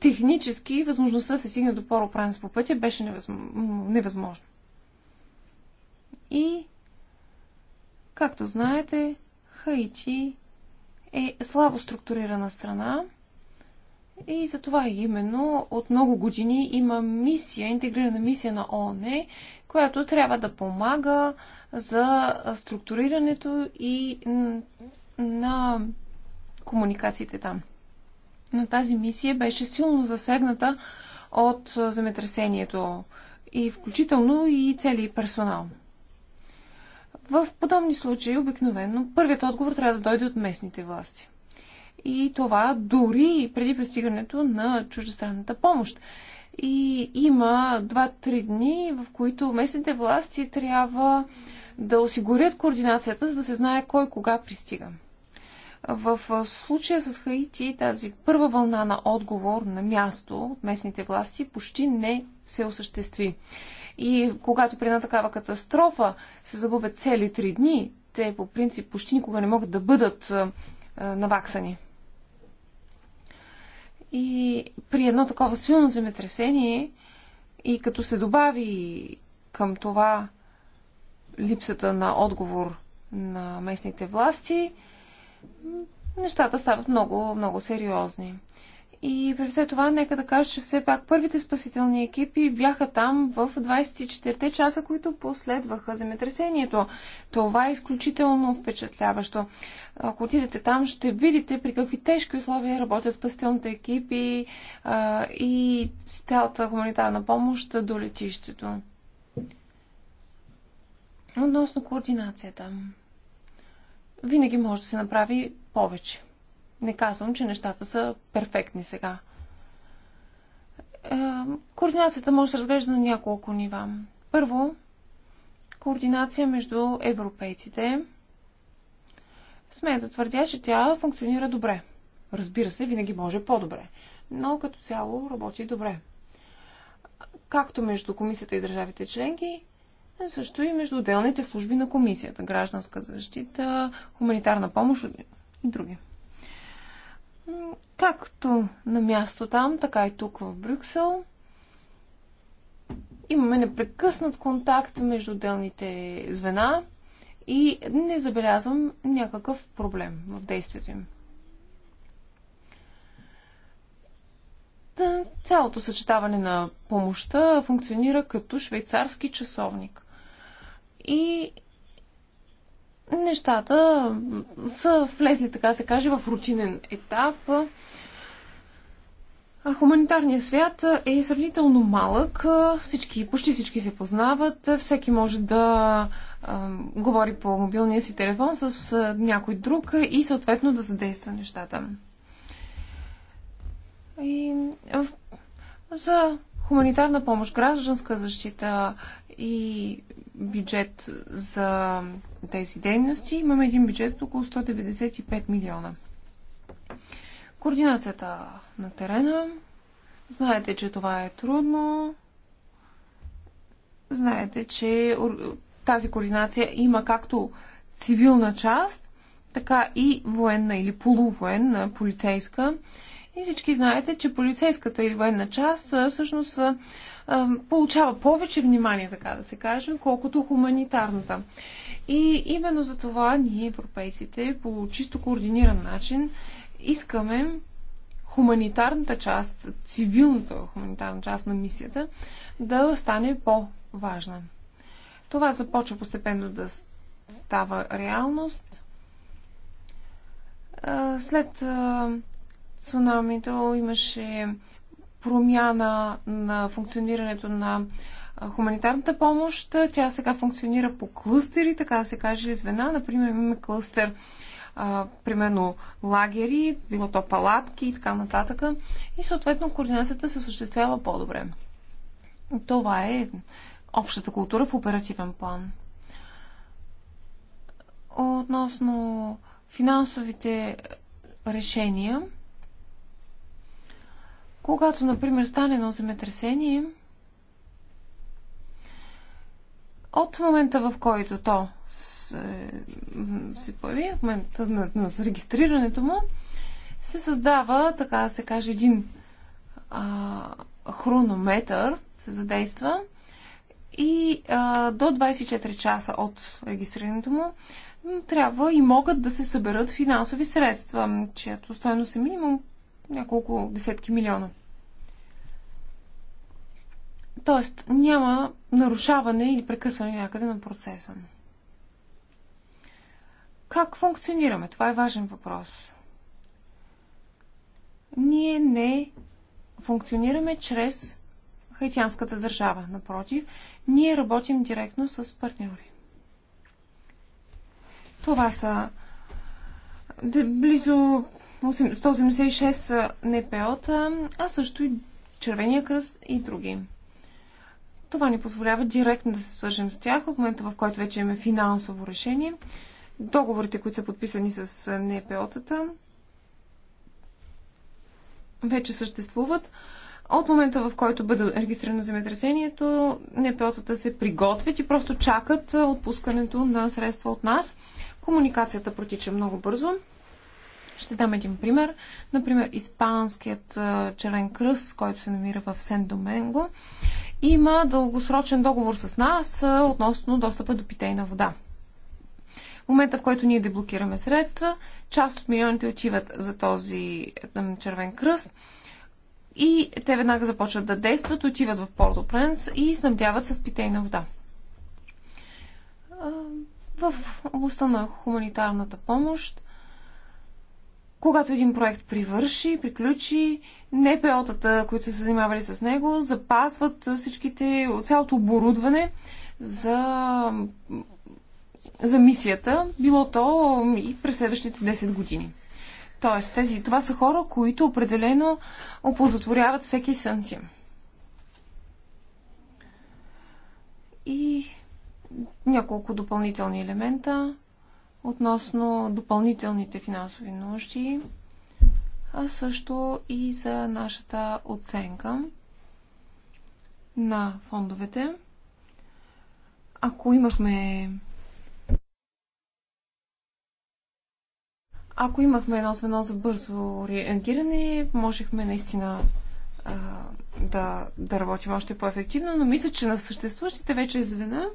Технически възможността да се стигне до Поро-Пранс по пътя беше невъзможно. И, както знаете, Хаити е слабо структурирана страна и затова именно от много години има мисия, интегрирана мисия на ООН, която трябва да помага за структурирането и на комуникациите там. На тази мисия беше силно засегната от земетресението и включително и цели персонал. В подобни случаи обикновено първият отговор трябва да дойде от местните власти. И това дори преди пристигането на чуждестранната помощ и има 2-3 дни, в които местните власти трябва да осигурят координацията, за да се знае кой кога пристига. В случая с Хаити тази първа вълна на отговор на място от местните власти почти не се осъществи. И когато при една такава катастрофа се загубят цели три дни, те по принцип почти никога не могат да бъдат наваксани. И при едно такова силно земетресение и като се добави към това липсата на отговор на местните власти, нещата стават много, много сериозни. И при все това, нека да кажа, че все пак първите спасителни екипи бяха там в 24 часа, които последваха земетресението. Това е изключително впечатляващо. Ако отидете там, ще видите при какви тежки условия работят спасителните екипи а, и цялата хуманитарна помощ до летището. Относно координацията. Винаги може да се направи повече. Не казвам, че нещата са перфектни сега. Е, координацията може да се разглежда на няколко нива. Първо, координация между европейците. Смея да твърдя, че тя функционира добре. Разбира се, винаги може по-добре, но като цяло работи добре. Както между комисията и държавите членки, също и между отделните служби на комисията, гражданска защита, хуманитарна помощ и други. Както на място там, така и тук в Брюксел. Имаме непрекъснат контакт между отделните звена и не забелязвам някакъв проблем в действието им. Цялото съчетаване на помощта функционира като швейцарски часовник. И нещата са влезли, така се каже, в рутинен етап. А хуманитарният свят е сравнително малък. Всички, почти всички се познават. Всеки може да а, говори по мобилния си телефон с а, някой друг и съответно да задейства нещата. И, а, за хуманитарна помощ, гражданска защита и бюджет за тези дейности. Имаме един бюджет около 195 милиона. Координацията на терена. Знаете, че това е трудно. Знаете, че тази координация има както цивилна част, така и военна или полувоенна, полицейска. И всички знаете, че полицейската или военна част всъщност са получава повече внимание, така да се каже, колкото хуманитарната. И именно за това ние, европейците, по чисто координиран начин искаме хуманитарната част, цивилната хуманитарна част на мисията да стане по-важна. Това започва постепенно да става реалност. След цунамито имаше промяна на функционирането на хуманитарната помощ. Тя сега функционира по клъстери, така да се каже, звена. Например, имаме клъстер а, примерно лагери, било то палатки и така нататък. И съответно координацията се осъществява по-добре. Това е общата култура в оперативен план. Относно финансовите решения, когато, например, стане едно земетресение, от момента в който то се, се появи, в момента на, на зарегистрирането му, се създава, така да се каже, един а, хронометър, се задейства и а, до 24 часа от регистрирането му трябва и могат да се съберат финансови средства, чиято стоеност е минимум няколко десетки милиона. Тоест, няма нарушаване или прекъсване някъде на процеса. Как функционираме? Това е важен въпрос. Ние не функционираме чрез хайтянската държава. Напротив, ние работим директно с партньори. Това са близо 186 НПО-та, а също и Червения кръст и други. Това ни позволява директно да се свържем с тях от момента, в който вече имаме финансово решение. Договорите, които са подписани с НПО-тата, вече съществуват. От момента, в който бъде регистрирано земетресението, НПО-тата се приготвят и просто чакат отпускането на средства от нас. Комуникацията протича много бързо. Ще дам един пример. Например, испанският челен кръст, който се намира в Сен Доменго, има дългосрочен договор с нас относно достъпа до питейна вода. В момента, в който ние деблокираме средства, част от милионите отиват за този червен кръст и те веднага започват да действат, отиват в Порто Пренс и снабдяват с питейна вода. В областта на хуманитарната помощ когато един проект привърши, приключи, НПО-тата, които са се занимавали с него, запазват всичките, цялото оборудване за, за мисията, било то и през следващите 10 години. Тоест, тези, това са хора, които определено оползотворяват всеки сантим. И няколко допълнителни елемента относно допълнителните финансови нужди, а също и за нашата оценка на фондовете. Ако имахме Ако имахме едно звено за бързо реагиране, можехме наистина а, да, да работим още по-ефективно, но мисля, че на съществуващите вече звена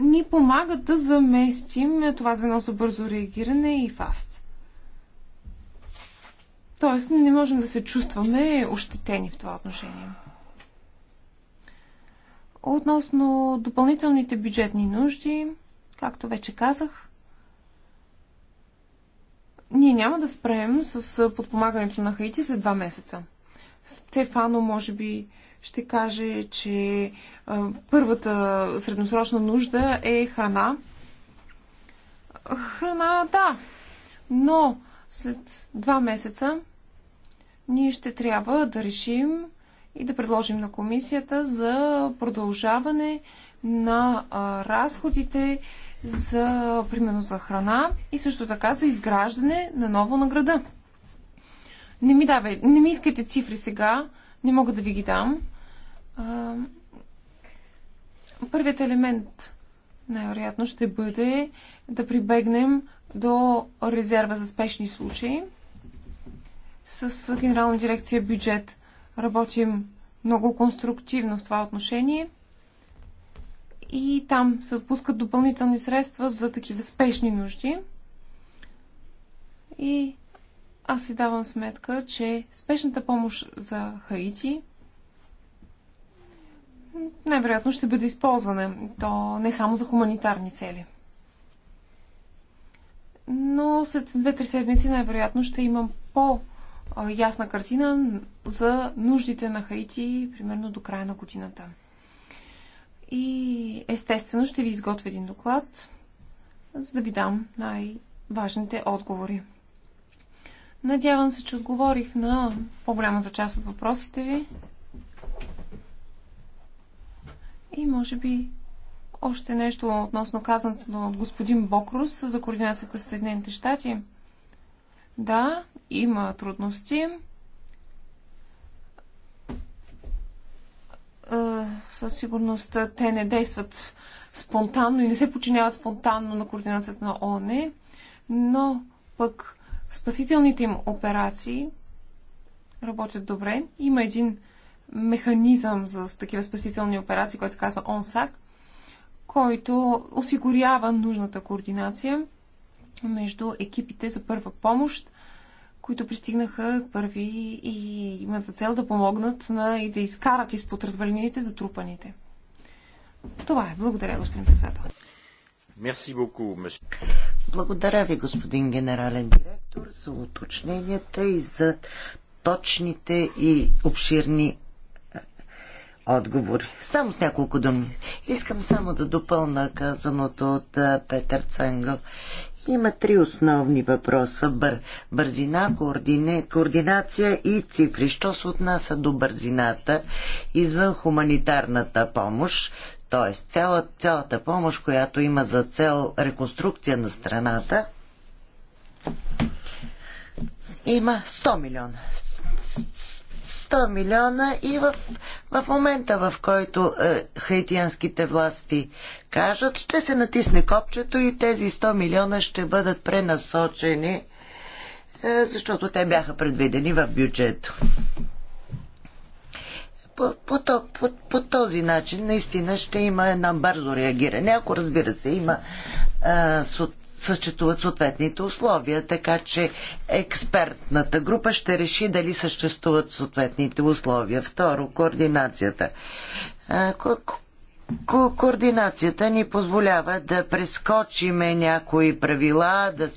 ни помагат да заместим това звено за бързо реагиране и фаст. Тоест, не можем да се чувстваме ощетени в това отношение. Относно допълнителните бюджетни нужди, както вече казах, ние няма да спрем с подпомагането на Хаити след два месеца. Стефано, може би, ще каже, че първата средносрочна нужда е храна. Храна, да, но след два месеца ние ще трябва да решим и да предложим на комисията за продължаване на разходите за, примерно, за храна и също така за изграждане на ново на града. Не ми, давай, не ми искайте цифри сега, не мога да ви ги дам първият елемент най-вероятно ще бъде да прибегнем до резерва за спешни случаи. С Генерална дирекция бюджет работим много конструктивно в това отношение и там се отпускат допълнителни средства за такива спешни нужди. И аз си давам сметка, че спешната помощ за Хаити най-вероятно ще бъде използване. То не само за хуманитарни цели. Но след 2-3 седмици най-вероятно ще имам по-ясна картина за нуждите на Хаити, примерно до края на годината. И естествено ще ви изготвя един доклад, за да ви дам най-важните отговори. Надявам се, че отговорих на по-голямата част от въпросите ви. И може би още нещо относно казаното от господин Бокрус за координацията с Съединените щати. Да, има трудности. Е, със сигурност те не действат спонтанно и не се подчиняват спонтанно на координацията на ООН, но пък спасителните им операции работят добре. Има един механизъм за такива спасителни операции, който се казва ОНСАК, който осигурява нужната координация между екипите за първа помощ, които пристигнаха първи и имат за цел да помогнат на, и да изкарат изпод развалините затрупаните. Това е. Благодаря, господин председател. Мерси боку, Благодаря ви, господин генерален директор, за уточненията и за точните и обширни отговори. Само с няколко думи. Искам само да допълна казаното от Петър Ценгъл. Има три основни въпроса. Бър, бързина, координе, координация и цифри. Що се отнася до бързината извън хуманитарната помощ, т.е. Цяла, цялата помощ, която има за цел реконструкция на страната, има 100 милиона. 100 милиона и в, в момента, в който е, хаитианските власти кажат, ще се натисне копчето и тези 100 милиона ще бъдат пренасочени, е, защото те бяха предвидени в бюджето. По, по, по, по този начин наистина ще има една бързо реагиране, ако разбира се има е, суд съществуват съответните условия, така че експертната група ще реши дали съществуват съответните условия. Второ, координацията. Ко- координацията ни позволява да прескочиме някои правила, да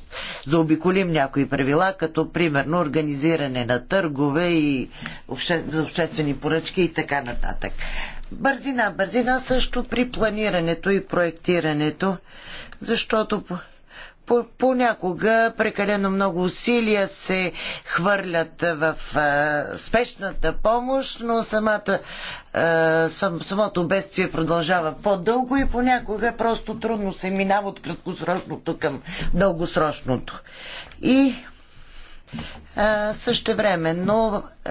заобиколим някои правила, като примерно организиране на търгове и обще... за обществени поръчки и така нататък. Бързина, бързина също при планирането и проектирането, защото понякога прекалено много усилия се хвърлят в а, спешната помощ, но самата, а, самото бедствие продължава по-дълго и понякога просто трудно се минава от краткосрочното към дългосрочното. И Същевременно е,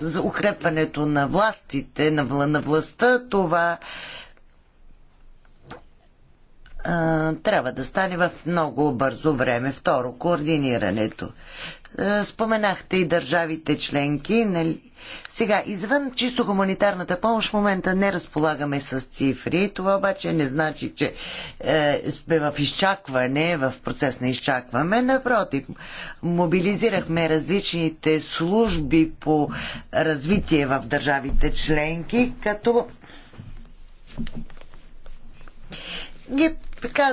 за укрепването на властите, на, на властта, това трябва да стане в много бързо време. Второ, координирането. Споменахте и държавите членки. Нали? Сега, извън чисто хуманитарната помощ, в момента не разполагаме с цифри. Това обаче не значи, че е, сме в изчакване, в процес на изчакване. Напротив, мобилизирахме различните служби по развитие в държавите членки, като ги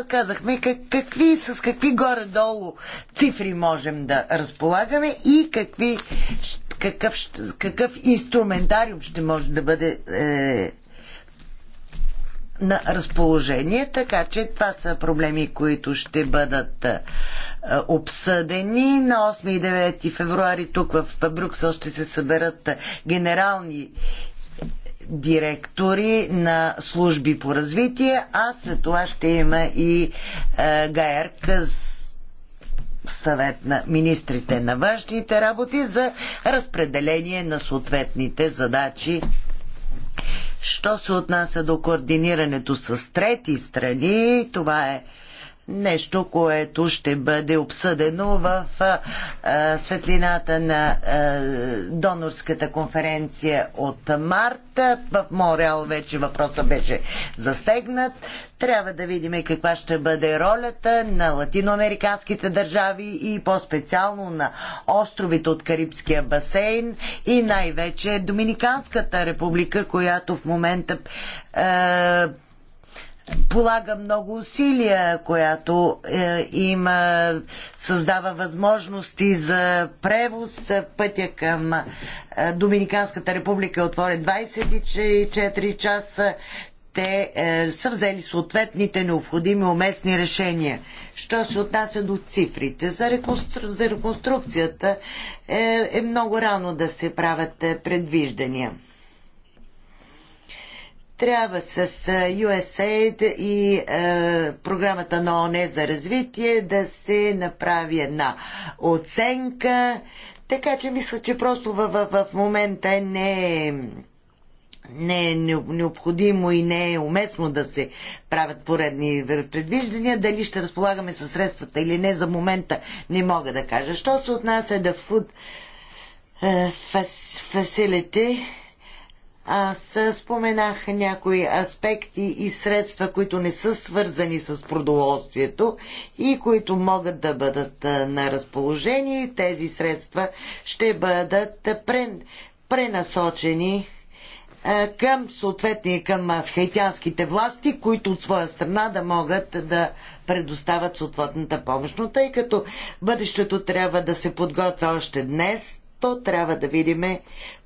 казахме как, какви, с какви горе-долу цифри можем да разполагаме и какви, какъв, какъв инструментариум ще може да бъде е, на разположение. Така че това са проблеми, които ще бъдат е, обсъдени. На 8 и 9 февруари тук в Брюксел ще се съберат е, генерални директори на служби по развитие, а след това ще има и е, ГАЕРК съвет на министрите на външните работи за разпределение на съответните задачи. Що се отнася до координирането с трети страни, това е нещо, което ще бъде обсъдено в а, светлината на а, донорската конференция от март. В Мореал вече въпросът беше засегнат. Трябва да видим каква ще бъде ролята на латиноамериканските държави и по-специално на островите от Карибския басейн и най-вече Доминиканската република, която в момента е, полага много усилия, която е, има, създава възможности за превоз. Пътя към е, Доминиканската република е отворен 24 часа. Те е, са взели съответните необходими уместни решения. Що се отнася до цифрите? За, реконстру... за реконструкцията е, е много рано да се правят е, предвиждания трябва с USAID и е, програмата на ОНЕ за развитие да се направи една оценка. Така че мисля, че просто в, в, в момента не е не е необходимо и не е уместно да се правят поредни предвиждания. Дали ще разполагаме със средствата или не, за момента не мога да кажа. Що се отнася до да фуд фасилите, аз споменах някои аспекти и средства, които не са свързани с продоволствието и които могат да бъдат на разположение. Тези средства ще бъдат пренасочени към съответни към хаитянските власти, които от своя страна да могат да предоставят съответната помощ. Но тъй като бъдещето трябва да се подготвя още днес, то трябва да видим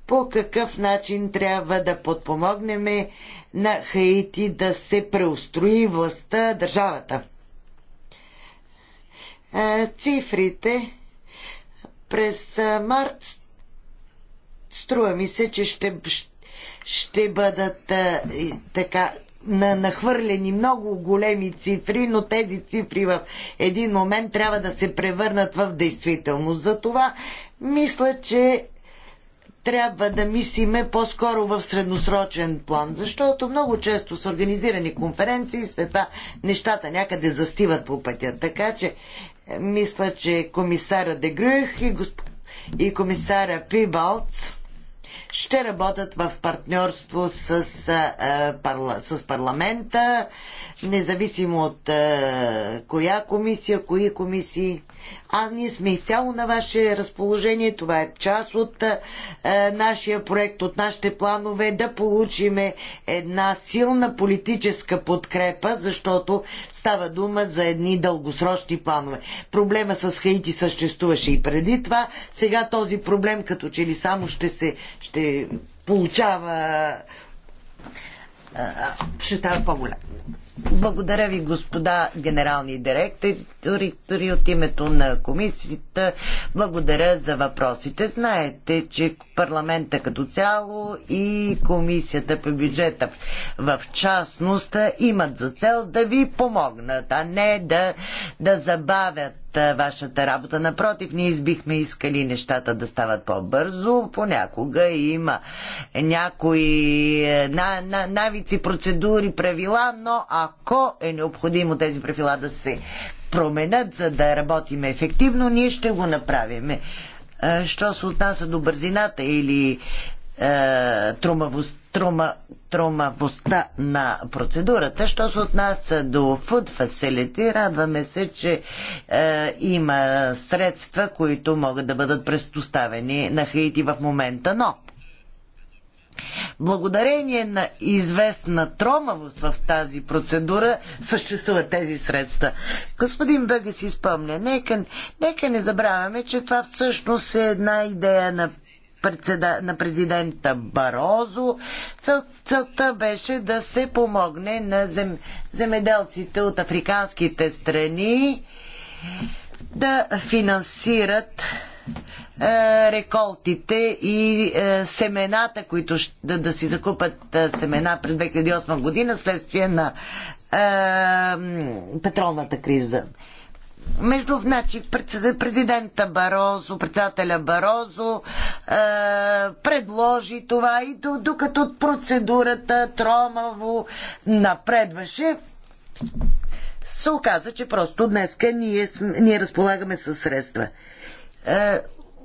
по какъв начин трябва да подпомогнем на Хаити да се преустрои властта, държавата. Е, цифрите през е, март струва ми се, че ще, ще бъдат е, така на нахвърлени много големи цифри, но тези цифри в един момент трябва да се превърнат в действителност. Затова мисля, че трябва да мислиме по-скоро в средносрочен план, защото много често с организирани конференции след това нещата някъде застиват по пътя. Така че е, мисля, че комисара Дегрюх и, госп... и комисара Пибалц ще работят в партньорство с, а, е, парла, с парламента, независимо от а, е, коя комисия, кои комисии. А ние сме изцяло на ваше разположение. Това е част от е, нашия проект, от нашите планове да получиме една силна политическа подкрепа, защото става дума за едни дългосрочни планове. Проблема с Хаити съществуваше и преди това. Сега този проблем като че ли само ще се ще получава е, е, ще става по-голям. Благодаря ви, господа генерални директори от името на комисията. Благодаря за въпросите. Знаете, че парламента като цяло и комисията по бюджета в частност имат за цел да ви помогнат, а не да, да забавят вашата работа. Напротив, ние бихме искали нещата да стават по-бързо. Понякога има някои е, навици, процедури, правила, но а ако е необходимо тези правила да се променят, за да работим ефективно, ние ще го направим. Е, що се отнася до бързината или е, трумавост, трума, трумавостта на процедурата. Що се отнася до Food Facility, радваме се, че е, има средства, които могат да бъдат предоставени на Хаити в момента, но Благодарение на известна тромавост в тази процедура съществуват тези средства. Господин Бъга си спомня, нека, нека не забравяме, че това всъщност е една идея на на президента Барозо. Цел, целта беше да се помогне на зем, земеделците от африканските страни да финансират е, реколтите и е, семената, които да, да си закупат е, семена през 2008 година следствие на е, петролната криза. Между значи, президента Барозо, председателя Барозо е, предложи това и докато процедурата тромаво напредваше, се оказа, че просто днеска ние, ние разполагаме със средства. Е,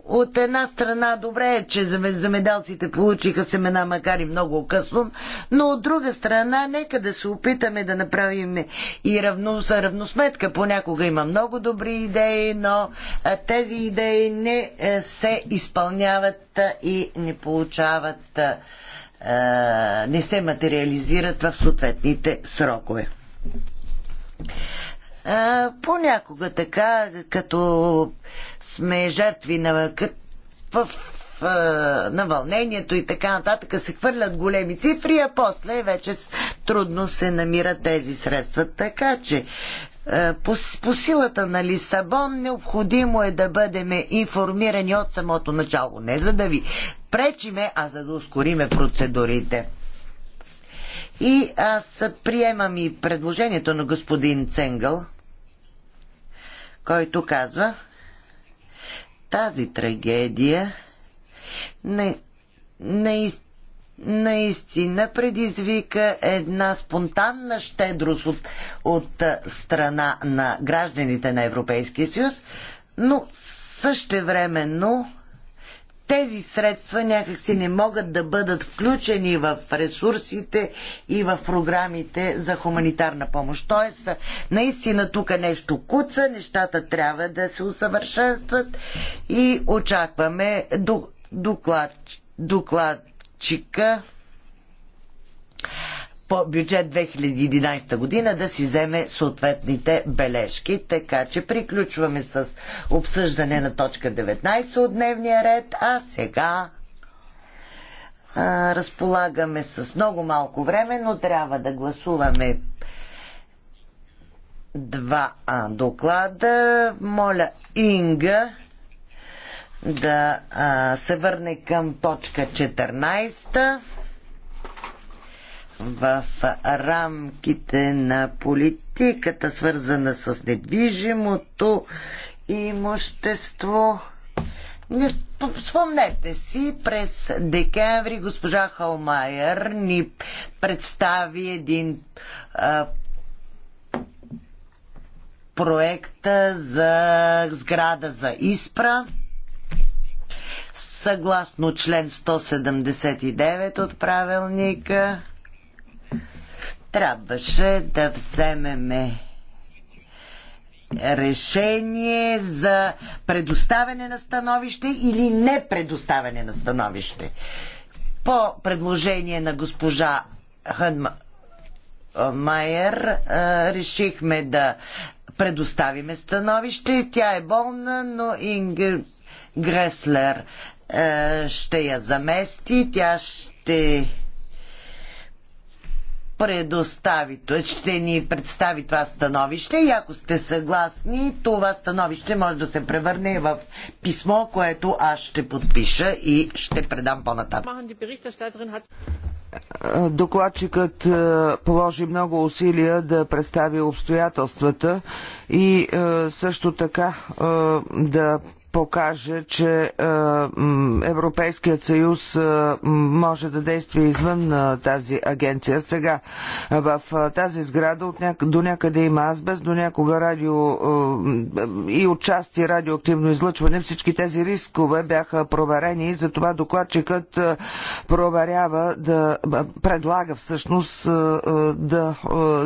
от една страна добре е, че замедалците получиха семена, макар и много късно, но от друга страна нека да се опитаме да направим и равно, за равносметка. Понякога има много добри идеи, но е, тези идеи не е, се изпълняват и не получават, не се материализират в съответните срокове понякога така, като сме жертви на, в, на вълнението и така нататък, се хвърлят големи цифри, а после вече трудно се намират тези средства. Така че по, по силата на Лисабон необходимо е да бъдем информирани от самото начало. Не за да ви пречиме, а за да ускориме процедурите. И аз приемам и предложението на господин Ценгъл който казва тази трагедия не, не, наистина предизвика една спонтанна щедрост от, от страна на гражданите на Европейския съюз, но същевременно тези средства някакси не могат да бъдат включени в ресурсите и в програмите за хуманитарна помощ. Тоест, наистина тук нещо куца, нещата трябва да се усъвършенстват и очакваме доклад, докладчика по бюджет 2011 година да си вземе съответните бележки. Така че приключваме с обсъждане на точка 19 от дневния ред, а сега а, разполагаме с много малко време, но трябва да гласуваме два а, доклада. Моля Инга да а, се върне към точка 14 в рамките на политиката, свързана с недвижимото имущество. Не спомнете си, през декември госпожа Халмайер ни представи един а, проект за сграда за Испра съгласно член 179 от правилника трябваше да вземеме решение за предоставяне на становище или не предоставяне на становище. По предложение на госпожа Хънмайер решихме да предоставиме становище. Тя е болна, но Ингер Греслер ще я замести. Тя ще предостави, ще ни представи това становище и ако сте съгласни, това становище може да се превърне в писмо, което аз ще подпиша и ще предам по-нататък. Докладчикът е, положи много усилия да представи обстоятелствата и е, също така е, да покаже, че е, Европейският съюз е, може да действа извън е, тази агенция. Сега в тази сграда от няк... до някъде има азбест, до някога радио и отчасти радиоактивно излъчване. Всички тези рискове бяха проверени и затова докладчикът проверява да предлага всъщност да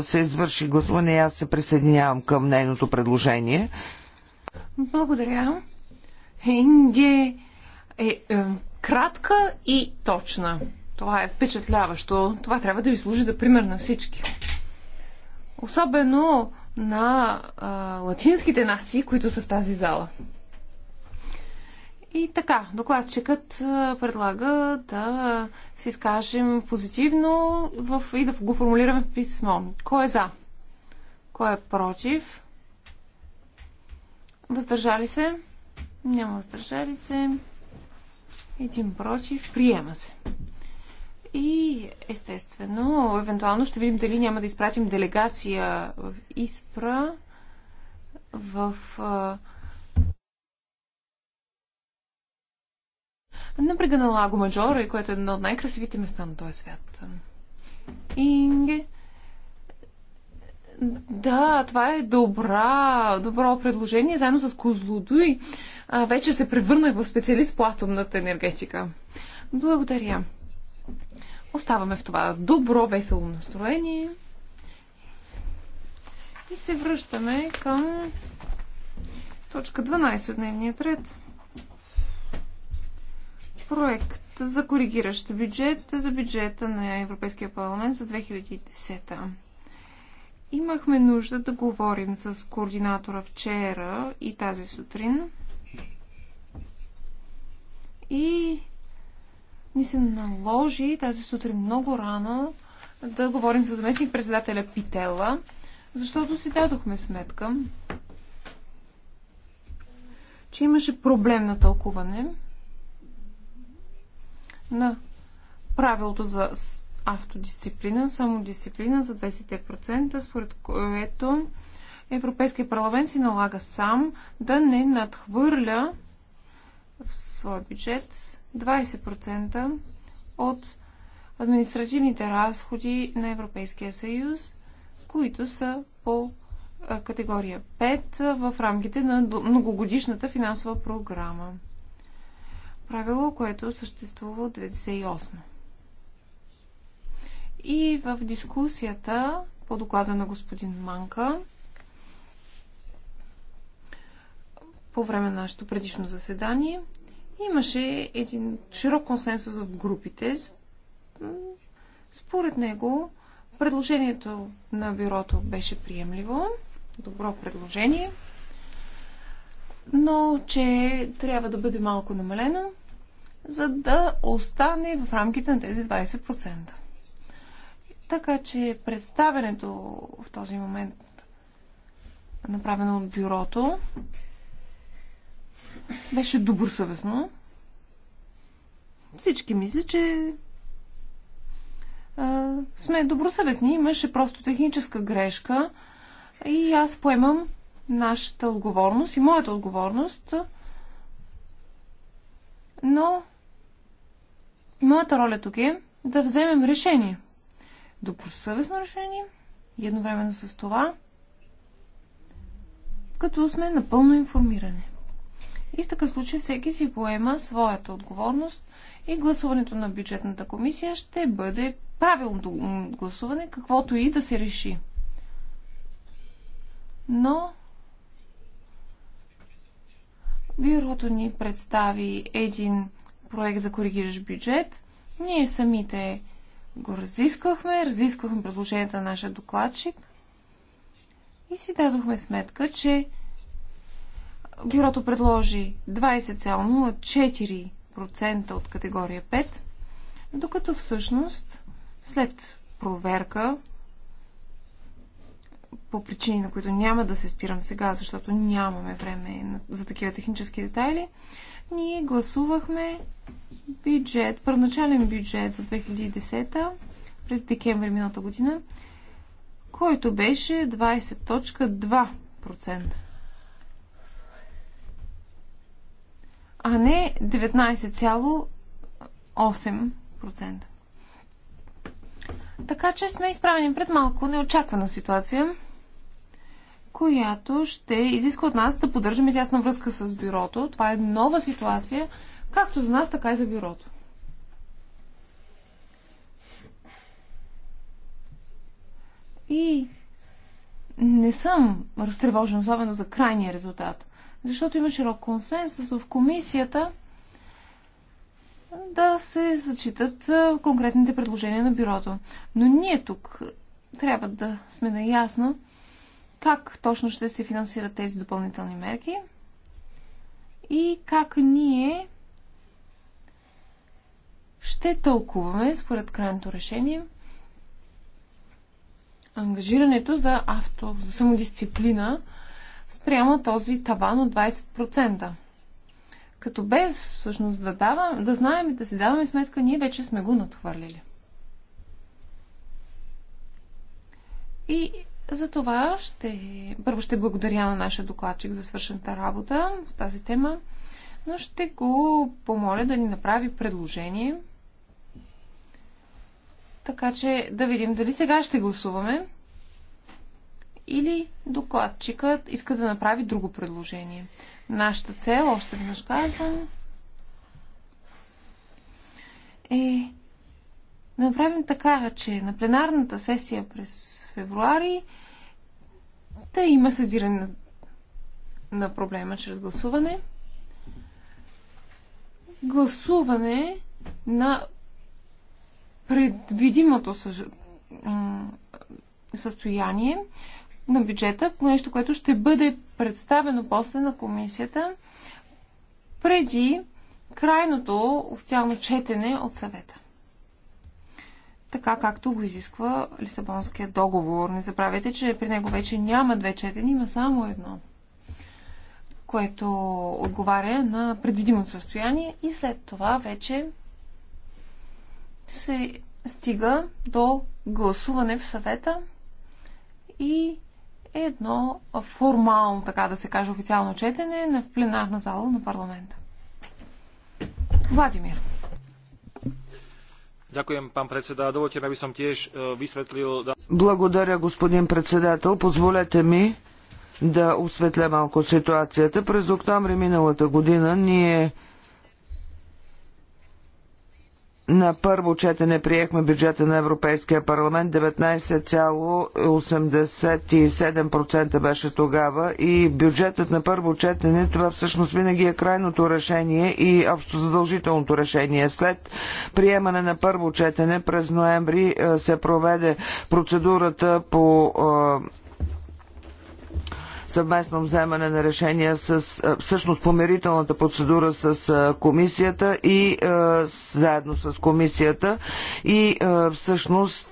се извърши гласуване и аз се присъединявам към нейното предложение. Благодаря. Енге е, е кратка и точна. Това е впечатляващо. Това трябва да ви служи за пример на всички. Особено на а, латинските нации, които са в тази зала. И така, докладчикът предлага да се изкажем позитивно в, и да го формулираме в писмо. Кой е за? Кой е против? Въздържали се? Няма въздържали се. Един против. Приема се. И естествено, евентуално ще видим дали няма да изпратим делегация в Испра в на брега на Лаго Маджоре, което е едно от най-красивите места на този свят. Инге, да, това е добра, добро предложение. Заедно с Козлодуй вече се превърнах в специалист по атомната енергетика. Благодаря. Оставаме в това добро, весело настроение. И се връщаме към точка 12 от дневния ред. Проект за коригиращ бюджет за бюджета на Европейския парламент за 2010. Имахме нужда да говорим с координатора вчера и тази сутрин. И ни се наложи тази сутрин много рано да говорим с заместник председателя Питела, защото си дадохме сметка, че имаше проблем на тълкуване на правилото за автодисциплина, самодисциплина за 20%, според което Европейския парламент си налага сам да не надхвърля в своя бюджет 20% от административните разходи на Европейския съюз, които са по категория 5 в рамките на многогодишната финансова програма. Правило, което съществува от 1998. И в дискусията по доклада на господин Манка, по време на нашето предишно заседание, имаше един широк консенсус в групите. Според него, предложението на бюрото беше приемливо, добро предложение, но че трябва да бъде малко намалено, за да остане в рамките на тези 20%. Така че представенето в този момент е направено от бюрото беше добросъвестно. Всички мисля, че а, сме добросъвестни. Имаше просто техническа грешка и аз поемам нашата отговорност и моята отговорност. Но моята роля тук е да вземем решение – добросъвестно решение и едновременно с това, като сме напълно информирани. И в такъв случай всеки си поема своята отговорност и гласуването на бюджетната комисия ще бъде правилното гласуване, каквото и да се реши. Но бюрото ни представи един проект за коригиращ бюджет. Ние самите го разисквахме, разисквахме предложенията на нашия докладчик и си дадохме сметка, че бюрото предложи 20,04% от категория 5, докато всъщност след проверка по причини, на които няма да се спирам сега, защото нямаме време за такива технически детайли, ние гласувахме бюджет, първоначален бюджет за 2010 през декември миналата година, който беше 20.2%. а не 19,8%. Така че сме изправени пред малко неочаквана ситуация – която ще изисква от нас да поддържаме тясна връзка с бюрото. Това е нова ситуация, както за нас, така и за бюрото. И не съм разтревожен, особено за крайния резултат, защото има широк консенсус в комисията да се зачитат конкретните предложения на бюрото. Но ние тук трябва да сме наясно, как точно ще се финансират тези допълнителни мерки и как ние ще тълкуваме, според крайното решение, ангажирането за авто, за самодисциплина спрямо този таван от 20%. Като без всъщност да, дава, да знаем и да си даваме сметка, ние вече сме го надхвърлили. И за това ще... първо ще благодаря на нашия докладчик за свършената работа в тази тема, но ще го помоля да ни направи предложение. Така че да видим дали сега ще гласуваме или докладчикът иска да направи друго предложение. Нашата цел, още веднъж казвам, е да направим така, че на пленарната сесия през февруари да има съзиране на, на проблема чрез гласуване. Гласуване на предвидимото съж... състояние на бюджета, нещо, което ще бъде представено после на комисията преди крайното официално четене от съвета така както го изисква Лисабонския договор. Не забравяйте, че при него вече няма две четени, има само едно, което отговаря на предвидимото състояние и след това вече се стига до гласуване в съвета и едно формално, така да се каже, официално четене на пленарна зала на парламента. Владимир. E, Благодаря, господин председател. Позволете ми да осветля малко ситуацията. През октомври миналата година ние на първо четене приехме бюджета на Европейския парламент. 19,87% беше тогава и бюджетът на първо четене това всъщност винаги е крайното решение и общо задължителното решение. След приемане на първо четене през ноември е, се проведе процедурата по е, съвместно вземане на решения с всъщност помирителната процедура с комисията и заедно с комисията и всъщност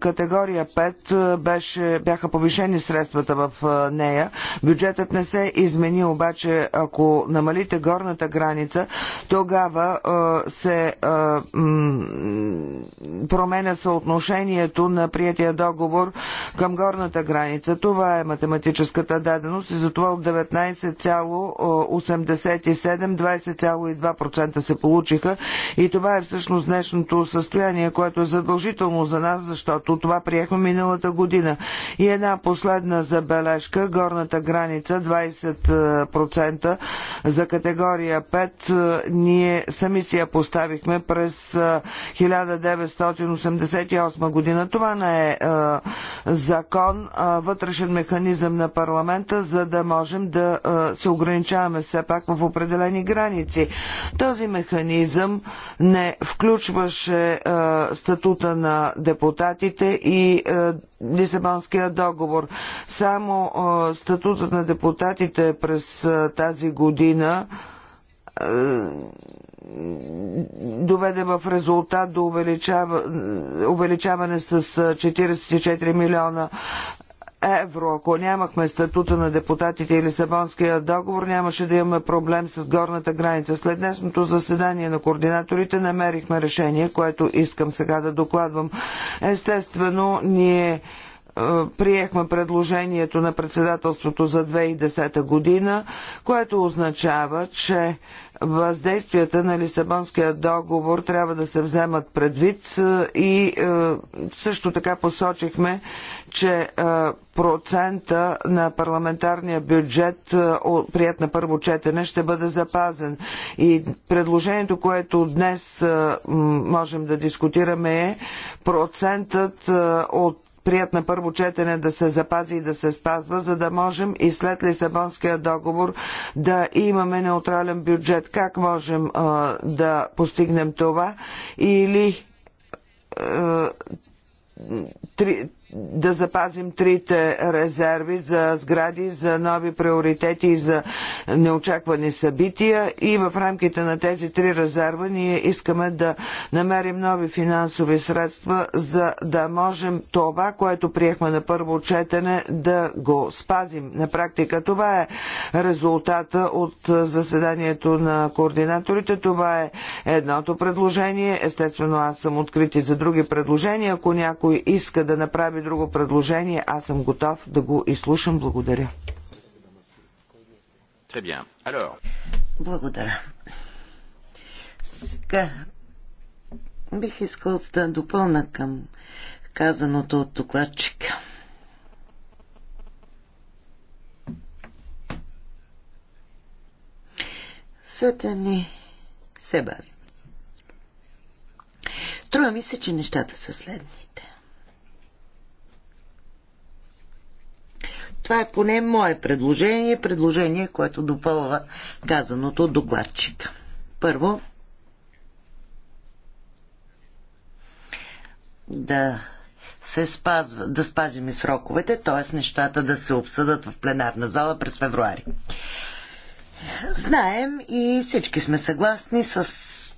категория 5 беше, бяха повишени средствата в нея. Бюджетът не се измени, обаче ако намалите горната граница, тогава се променя съотношението на приятия договор към горната граница. Това е математическа економическата даденост и затова от 19,87 20,2% се получиха и това е всъщност днешното състояние, което е задължително за нас, защото това приехме миналата година. И една последна забележка, горната граница 20% за категория 5 ние сами си я поставихме през 1988 година. Това не е закон, вътрешен механизъм на парламента, за да можем да се ограничаваме все пак в определени граници. Този механизъм не включваше статута на депутатите и Лисабонския договор. Само статутът на депутатите през тази година доведе в резултат до увеличаване с 44 милиона евро. Ако нямахме статута на депутатите и Лисабонския договор, нямаше да имаме проблем с горната граница. След днешното заседание на координаторите намерихме решение, което искам сега да докладвам. Естествено, ние е, приехме предложението на председателството за 2010 година, което означава, че въздействията на Лисабонския договор трябва да се вземат предвид е, и е, също така посочихме, че е, процента на парламентарния бюджет, е, прият на първо четене, ще бъде запазен. И предложението, което днес е, можем да дискутираме е процентът от прият на първо четене да се запази и да се спазва, за да можем и след Лисабонския договор да имаме неутрален бюджет. Как можем а, да постигнем това? Или а, да запазим трите резерви за сгради, за нови приоритети и за неочаквани събития. И в рамките на тези три резерва ние искаме да намерим нови финансови средства, за да можем това, което приехме на първо четене, да го спазим. На практика това е резултата от заседанието на координаторите. Това е едното предложение. Естествено, аз съм открити за други предложения. Ако някой иска да направи друго предложение, аз съм готов да го изслушам. Благодаря. Благодаря. Сега бих искал да допълна към казаното от докладчика. За ни се бави. Струва ми се, че нещата са следни. Това е поне мое предложение, предложение, което допълва казаното от докладчика. Първо, да се спазва, да и сроковете, т.е. нещата да се обсъдат в пленарна зала през февруари. Знаем и всички сме съгласни с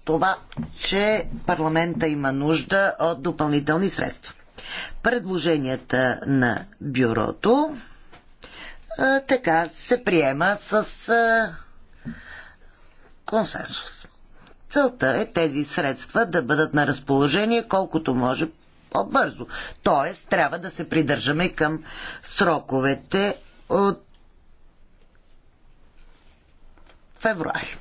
това, че парламента има нужда от допълнителни средства. Предложенията на бюрото така се приема с консенсус. Целта е тези средства да бъдат на разположение колкото може по-бързо. Тоест, трябва да се придържаме към сроковете от февруари.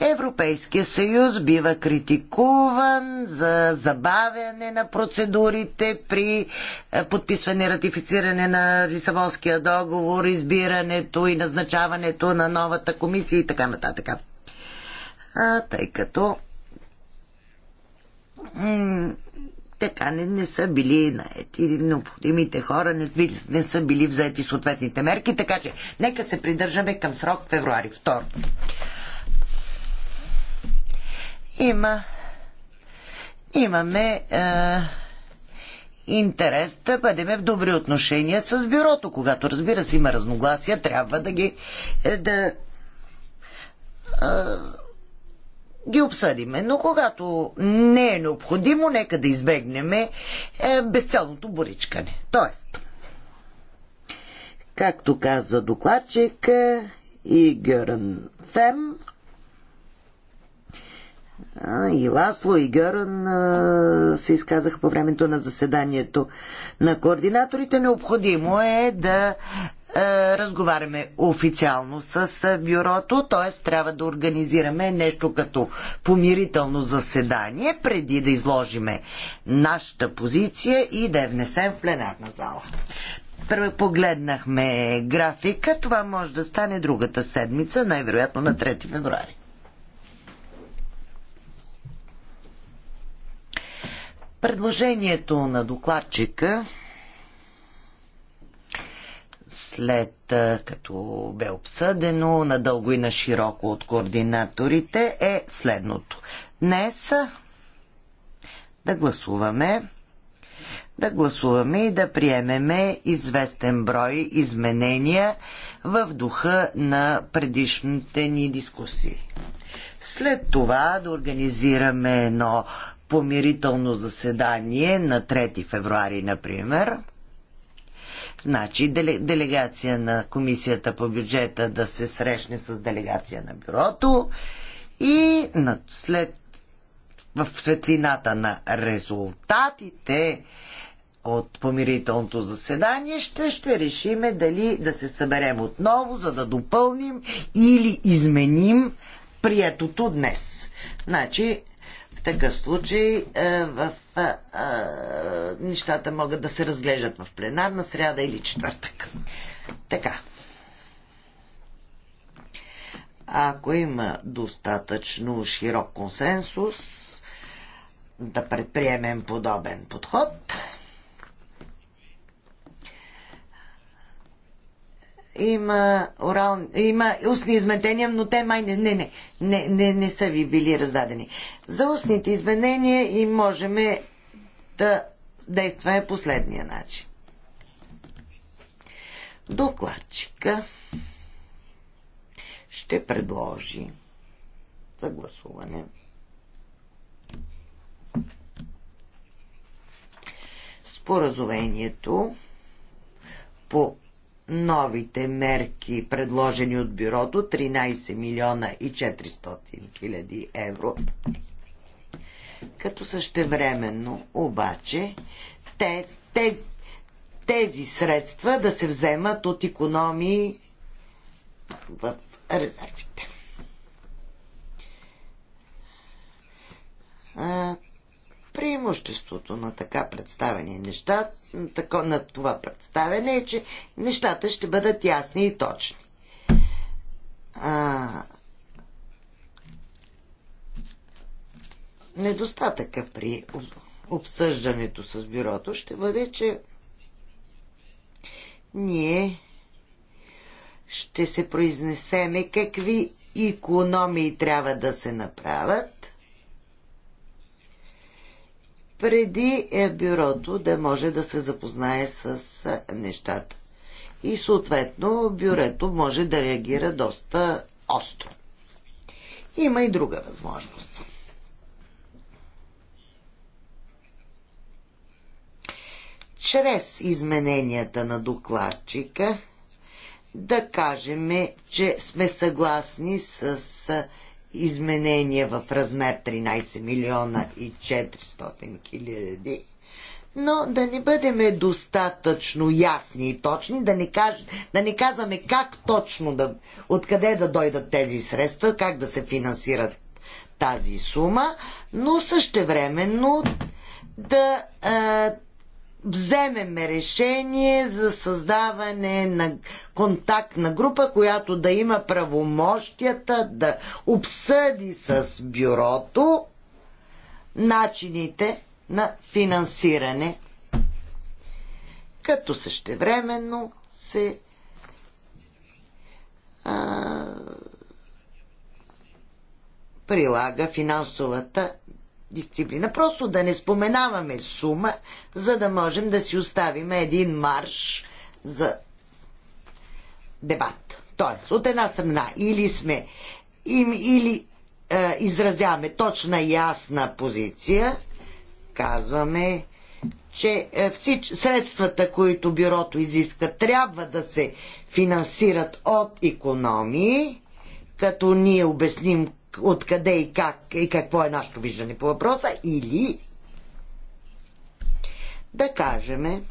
Европейския съюз бива критикуван за забавяне на процедурите при е, подписване и ратифициране на Лисабонския договор, избирането и назначаването на новата комисия и така нататък. А, тъй като така не, не са били наети необходимите хора, не, не са били взети съответните мерки, така че нека се придържаме към срок февруари 2 има имаме е, интерес да бъдем в добри отношения с бюрото. Когато, разбира се, има разногласия, трябва да ги е, да е, ги обсъдиме. Но когато не е необходимо, нека да избегнем е, безцелното боричкане. Тоест, както каза докладчик и Герън Фем, и Ласло, и Гърън се изказаха по времето на заседанието на координаторите. Необходимо е да разговаряме официално с бюрото, т.е. трябва да организираме нещо като помирително заседание, преди да изложиме нашата позиция и да я внесем в пленарна зала. Погледнахме графика, това може да стане другата седмица, най-вероятно на 3 февруари. Предложението на докладчика след като бе обсъдено надълго и на широко от координаторите е следното. Днес да гласуваме да гласуваме и да приемеме известен брой изменения в духа на предишните ни дискусии. След това да организираме едно помирително заседание на 3 февруари, например. Значи делегация на комисията по бюджета да се срещне с делегация на бюрото и след в светлината на резултатите от помирителното заседание ще, ще решиме дали да се съберем отново, за да допълним или изменим приетото днес. Значи, такъв случай е, в, а, е, а, е, нещата могат да се разглеждат в пленарна сряда или четвъртък. Така. Ако има достатъчно широк консенсус да предприемем подобен подход, има, орал, има устни изменения, но те май не, не, не, не, не, не са ви били раздадени. За устните изменения и можем да действаме последния начин. Докладчика ще предложи за гласуване споразумението по новите мерки, предложени от бюрото, 13 милиона и 400 хиляди евро. Като същевременно, обаче, тези, тези, тези средства да се вземат от економии в резервите преимуществото на така представени неща, на това представене е, че нещата ще бъдат ясни и точни. А, недостатъка при обсъждането с бюрото ще бъде, че ние ще се произнесеме какви икономии трябва да се направят преди е бюрото да може да се запознае с е, нещата. И съответно бюрето може да реагира доста остро. Има и друга възможност. Чрез измененията на докладчика да кажем, че сме съгласни с е, изменение в размер 13 милиона и 400 хиляди, но да не бъдеме достатъчно ясни и точни, да не, каж, да не казваме как точно да, откъде да дойдат тези средства, как да се финансират тази сума, но същевременно да а, вземем решение за създаване на контактна група, която да има правомощията да обсъди с бюрото начините на финансиране, като същевременно се а, прилага финансовата дисциплина. Просто да не споменаваме сума, за да можем да си оставим един марш за дебат. Тоест, от една страна, или сме им, или е, изразяваме точна ясна позиция, казваме, че е, всич, средствата, които бюрото изиска, трябва да се финансират от економии, като ние обясним откъде и как и какво е нашето виждане по въпроса или да кажем,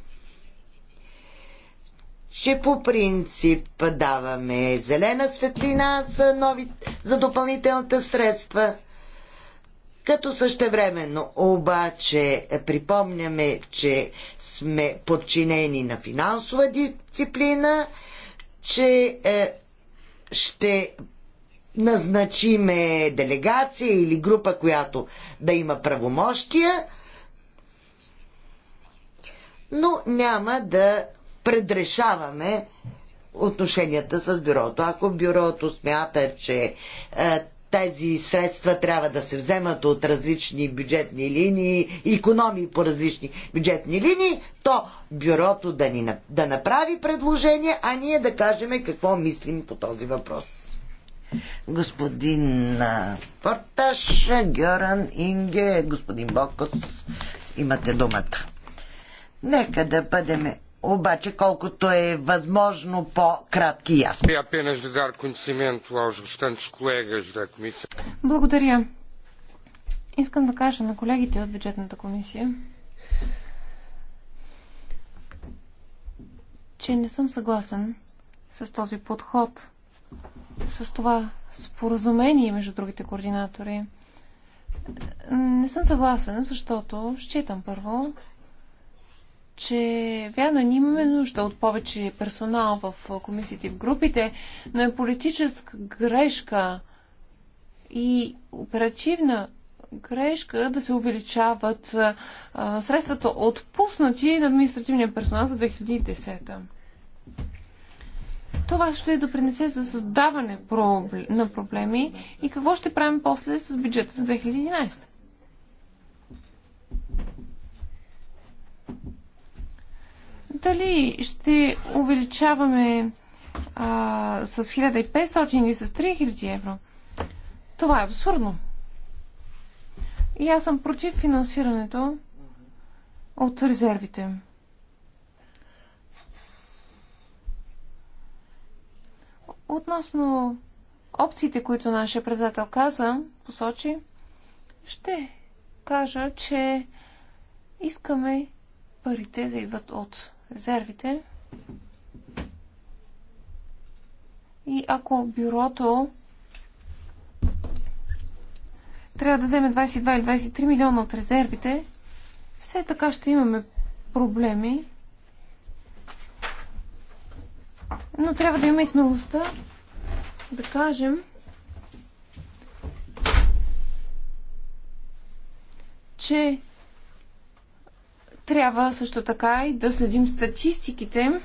че по принцип даваме зелена светлина за, нови, за допълнителната средства, като същевременно обаче припомняме, че сме подчинени на финансова дисциплина, че е, ще назначиме делегация или група, която да има правомощия, но няма да предрешаваме отношенията с бюрото. Ако бюрото смята, че е, тези средства трябва да се вземат от различни бюджетни линии, економии по различни бюджетни линии, то бюрото да, ни, да направи предложение, а ние да кажем какво мислим по този въпрос господин Порташ, Гьоран Инге, господин Бокос. Имате думата. Нека да бъдем обаче колкото е възможно по-кратки и ясни. Благодаря. Искам да кажа на колегите от бюджетната комисия, че не съм съгласен с този подход с това споразумение между другите координатори. Не съм съгласен, защото считам първо, че вярно, ние имаме нужда от повече персонал в комисиите и в групите, но е политическа грешка и оперативна грешка да се увеличават а, средствата отпуснати на административния персонал за 2010. Това ще допринесе за създаване на проблеми и какво ще правим после с бюджета за 2011. Дали ще увеличаваме а, с 1500 или с 3000 евро? Това е абсурдно. И аз съм против финансирането от резервите. Относно опциите, които нашия предател каза, посочи, ще кажа, че искаме парите да идват от резервите. И ако бюрото трябва да вземе 22 или 23 милиона от резервите, все така ще имаме проблеми но трябва да имаме и смелостта да кажем, че трябва също така и да следим статистиките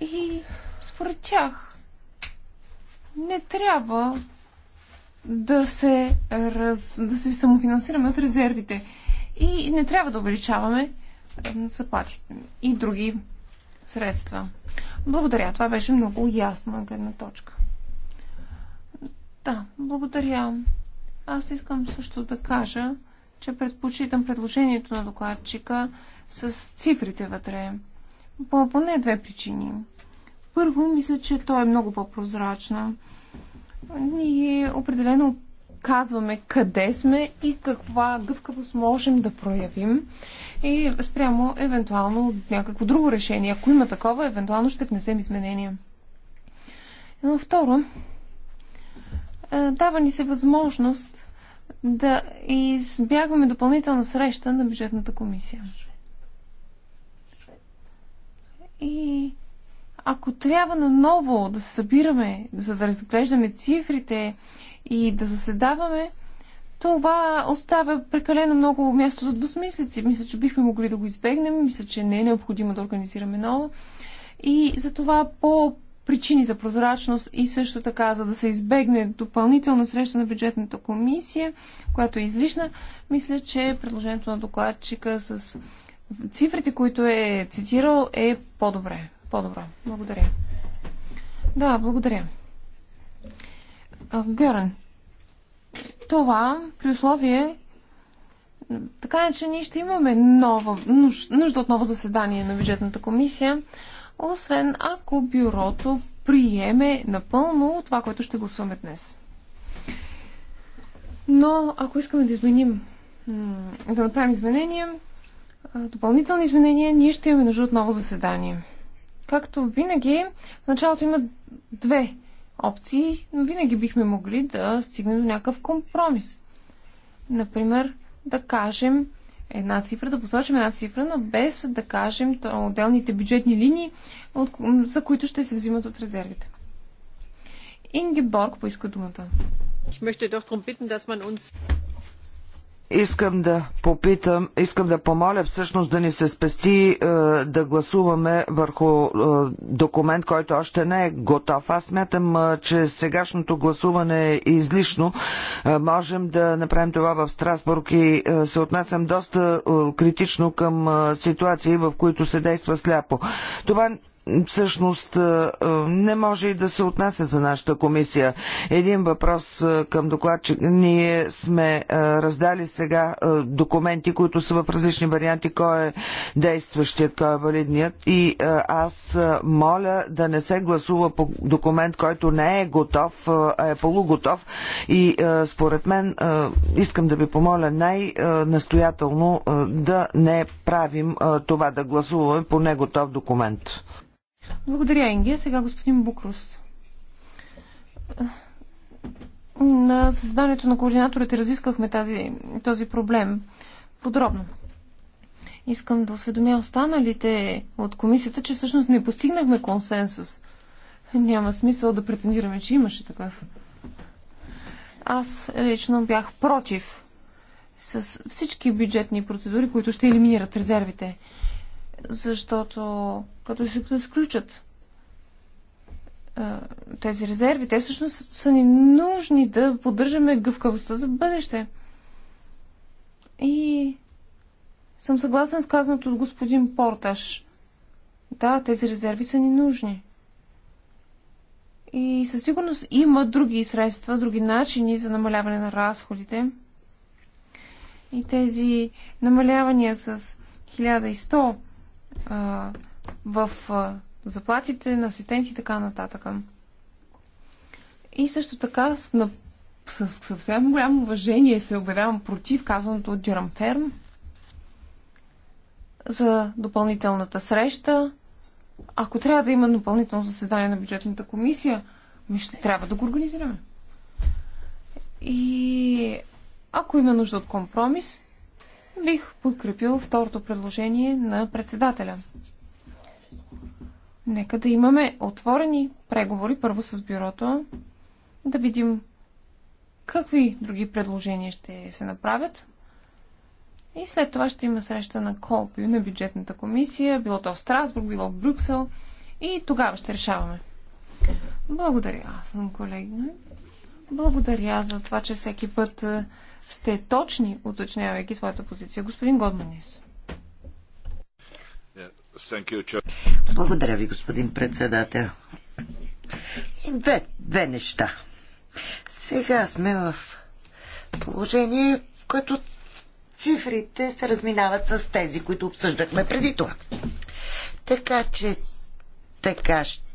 и според тях не трябва да се, раз, да се самофинансираме от резервите и не трябва да увеличаваме заплатите и други средства. Благодаря. Това беше много ясна гледна точка. Да, благодаря. Аз искам също да кажа, че предпочитам предложението на докладчика с цифрите вътре. По поне две причини. Първо, мисля, че то е много по-прозрачно. И определено казваме къде сме и каква гъвкавост можем да проявим и спрямо евентуално някакво друго решение. Ако има такова, евентуално ще внесем изменения. Но второ, е, дава ни се възможност да избягваме допълнителна среща на бюджетната комисия. И ако трябва наново да се събираме, за да разглеждаме цифрите и да заседаваме, това оставя прекалено много място за двусмислици. Мисля, че бихме могли да го избегнем. Мисля, че не е необходимо да организираме ново. И за това по причини за прозрачност и също така, за да се избегне допълнителна среща на бюджетната комисия, която е излишна, мисля, че предложението на докладчика с цифрите, които е цитирал, е по-добре. По-добро. Благодаря. Да, благодаря. Гърн. това при условие, така е, че ние ще имаме нова, нужда от ново заседание на бюджетната комисия, освен ако бюрото приеме напълно това, което ще гласуваме днес. Но ако искаме да изменим, да направим изменения, допълнителни изменения, ние ще имаме нужда от ново заседание. Както винаги, в началото има две опции, винаги бихме могли да стигнем до някакъв компромис. Например, да кажем една цифра, да посочим една цифра, но без да кажем отделните бюджетни линии, за които ще се взимат от резервите. Инги Борг, поиска думата. Искам да попитам, искам да помоля всъщност да ни се спести е, да гласуваме върху е, документ, който още не е готов. Аз смятам, е, че сегашното гласуване е излишно. Е, можем да направим това в Страсбург и е, се отнасям доста е, критично към е, ситуации, в които се действа сляпо. Това всъщност не може и да се отнася за нашата комисия. Един въпрос към докладчик. Ние сме раздали сега документи, които са в различни варианти. Кой е действащият, кой е валидният. И аз моля да не се гласува по документ, който не е готов, а е полуготов. И според мен искам да ви помоля най-настоятелно да не правим това да гласуваме по неготов документ. Благодаря, Инги. Сега господин Букрус. На създанието на координаторите разисквахме тази, този проблем подробно. Искам да осведомя останалите от комисията, че всъщност не постигнахме консенсус. Няма смисъл да претендираме, че имаше такъв. Аз лично бях против с всички бюджетни процедури, които ще елиминират резервите. Защото като се сключат тези резерви, те всъщност са ни нужни да поддържаме гъвкавостта за бъдеще. И съм съгласен с казаното от господин Порташ. Да, тези резерви са ни нужни. И със сигурност има други средства, други начини за намаляване на разходите. И тези намалявания с 1100 в заплатите на асистенти и така нататък. И също така с, с съвсем голямо уважение се обявявам против казаното от Джерам Ферм за допълнителната среща. Ако трябва да има допълнително заседание на бюджетната комисия, ми ще трябва да го организираме. И ако има нужда от компромис, бих подкрепил второто предложение на председателя. Нека да имаме отворени преговори първо с бюрото, да видим какви други предложения ще се направят. И след това ще има среща на копио на бюджетната комисия, било то в Страсбург, било в Брюксел. И тогава ще решаваме. Благодаря, аз съм колеги. Благодаря за това, че всеки път е, сте точни, уточнявайки своята позиция. Господин Годманис. Благодаря ви, господин председател. Две, две неща. Сега сме в положение, в което цифрите се разминават с тези, които обсъждахме преди това. Така че, така ще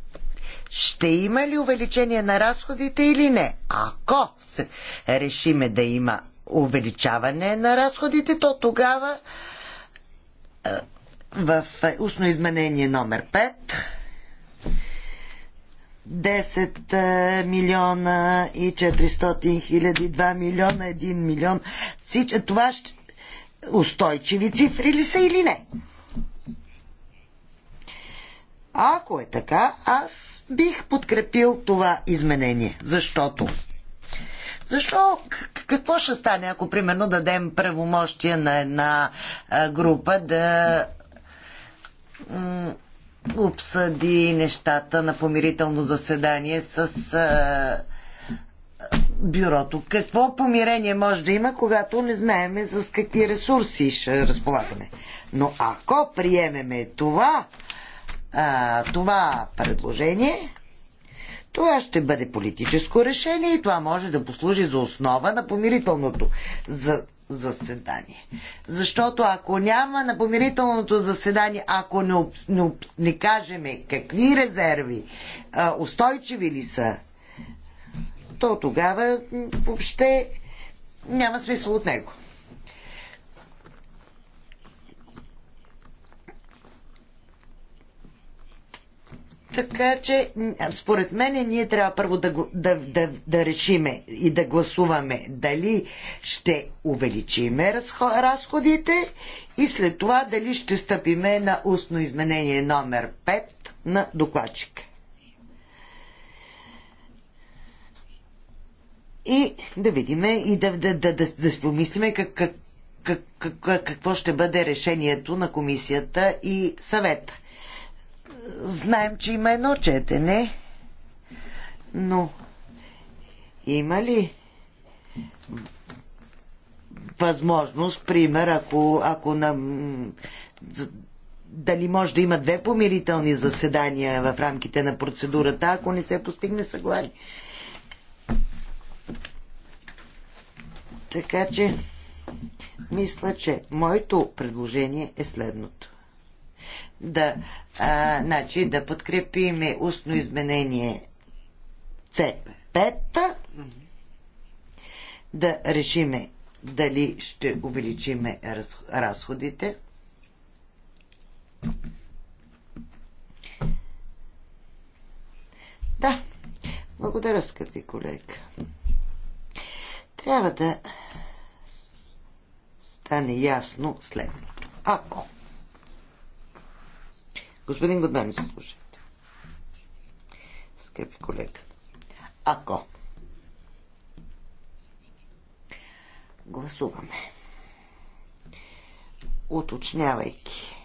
ще има ли увеличение на разходите или не? Ако се решиме да има увеличаване на разходите, то тогава е, в устно изменение номер 5. 10 е, милиона и 400 хиляди, 2 милиона, 1 милион. Това ще... устойчиви цифри ли са или не? Ако е така, аз бих подкрепил това изменение. Защото? Защо? Какво ще стане, ако примерно дадем правомощия на една група да обсъди нещата на помирително заседание с бюрото. Какво помирение може да има, когато не знаеме с какви ресурси ще разполагаме? Но ако приемеме това, а, това предложение, това ще бъде политическо решение и това може да послужи за основа на помирителното за заседание. Защото ако няма на помирителното заседание, ако не, об, не, об, не кажеме какви резерви, а, устойчиви ли са, то тогава въобще няма смисъл от него. Така че, според мен, ние трябва първо да, да, да, да решиме и да гласуваме дали ще увеличиме разходите и след това дали ще стъпиме на устно изменение номер 5 на докладчика. И да видиме и да, да, да, да, да спомислиме как, как, как, какво ще бъде решението на комисията и съвета знаем, че има едно четене, но има ли възможност, пример, ако, ако нам, дали може да има две помирителни заседания в рамките на процедурата, ако не се постигне съгласие. Така че, мисля, че моето предложение е следното да, а, значи, да подкрепиме устно изменение C5, да решиме дали ще увеличиме разходите. Да, благодаря, скъпи колега. Трябва да стане ясно следното. Ако Господин Гудмани, се слушайте. Скъпи колега, ако гласуваме, уточнявайки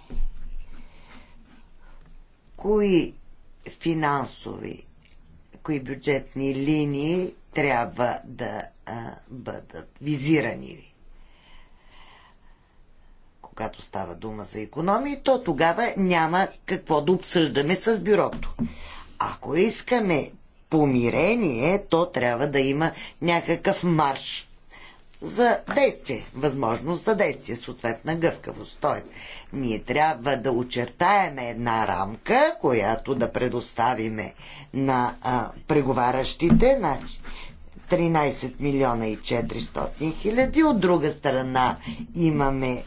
кои финансови, кои бюджетни линии трябва да а, бъдат визирани когато става дума за економии, то тогава няма какво да обсъждаме с бюрото. Ако искаме помирение, то трябва да има някакъв марш за действие, възможност за действие, съответна гъвкавост. Тоест, ние трябва да очертаеме една рамка, която да предоставиме на а, преговарящите, значи 13 милиона и 400 хиляди. От друга страна имаме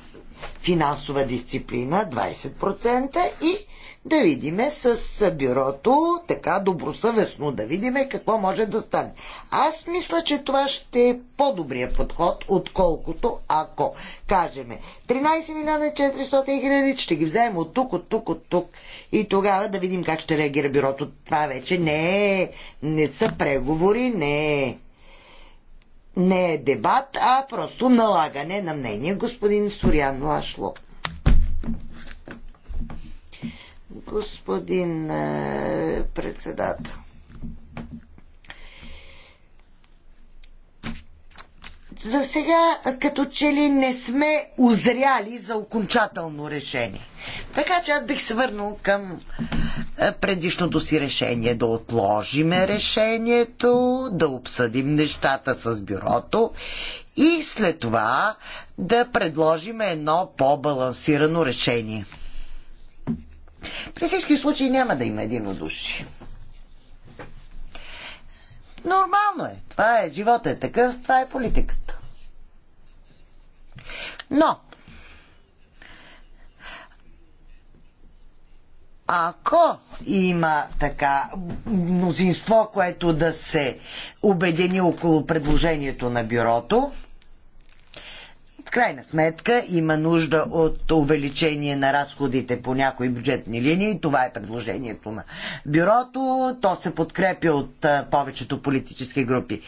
финансова дисциплина 20% и да видиме с бюрото, така добросъвестно да видиме какво може да стане. Аз мисля, че това ще е по-добрия подход, отколкото ако кажеме 13 милиона 400 хиляди, ще ги вземем от тук, от тук, от тук и тогава да видим как ще реагира бюрото. Това вече не е, не са преговори, не е не е дебат, а просто налагане на мнение. Господин Сурян Лашло. Господин е, председател. за сега като че ли не сме озряли за окончателно решение. Така че аз бих се върнал към е, предишното си решение да отложиме решението, да обсъдим нещата с бюрото и след това да предложим едно по-балансирано решение. При всички случаи няма да има единодушие. Нормално е. Това е. Живота е такъв. Това е политика. Но, ако има така мнозинство, което да се обедини около предложението на бюрото, в крайна сметка има нужда от увеличение на разходите по някои бюджетни линии. Това е предложението на бюрото. То се подкрепя от повечето политически групи.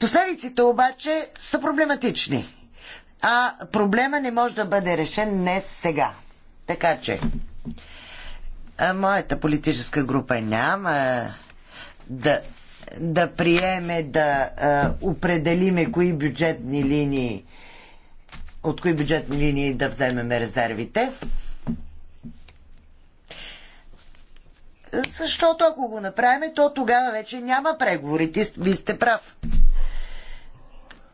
Последиците обаче са проблематични а проблема не може да бъде решен днес сега. Така че, моята политическа група няма да, да приеме да а, определиме кои бюджетни линии от кои бюджетни линии да вземем резервите. Защото ако го направим, то тогава вече няма Ти, Ви сте прав.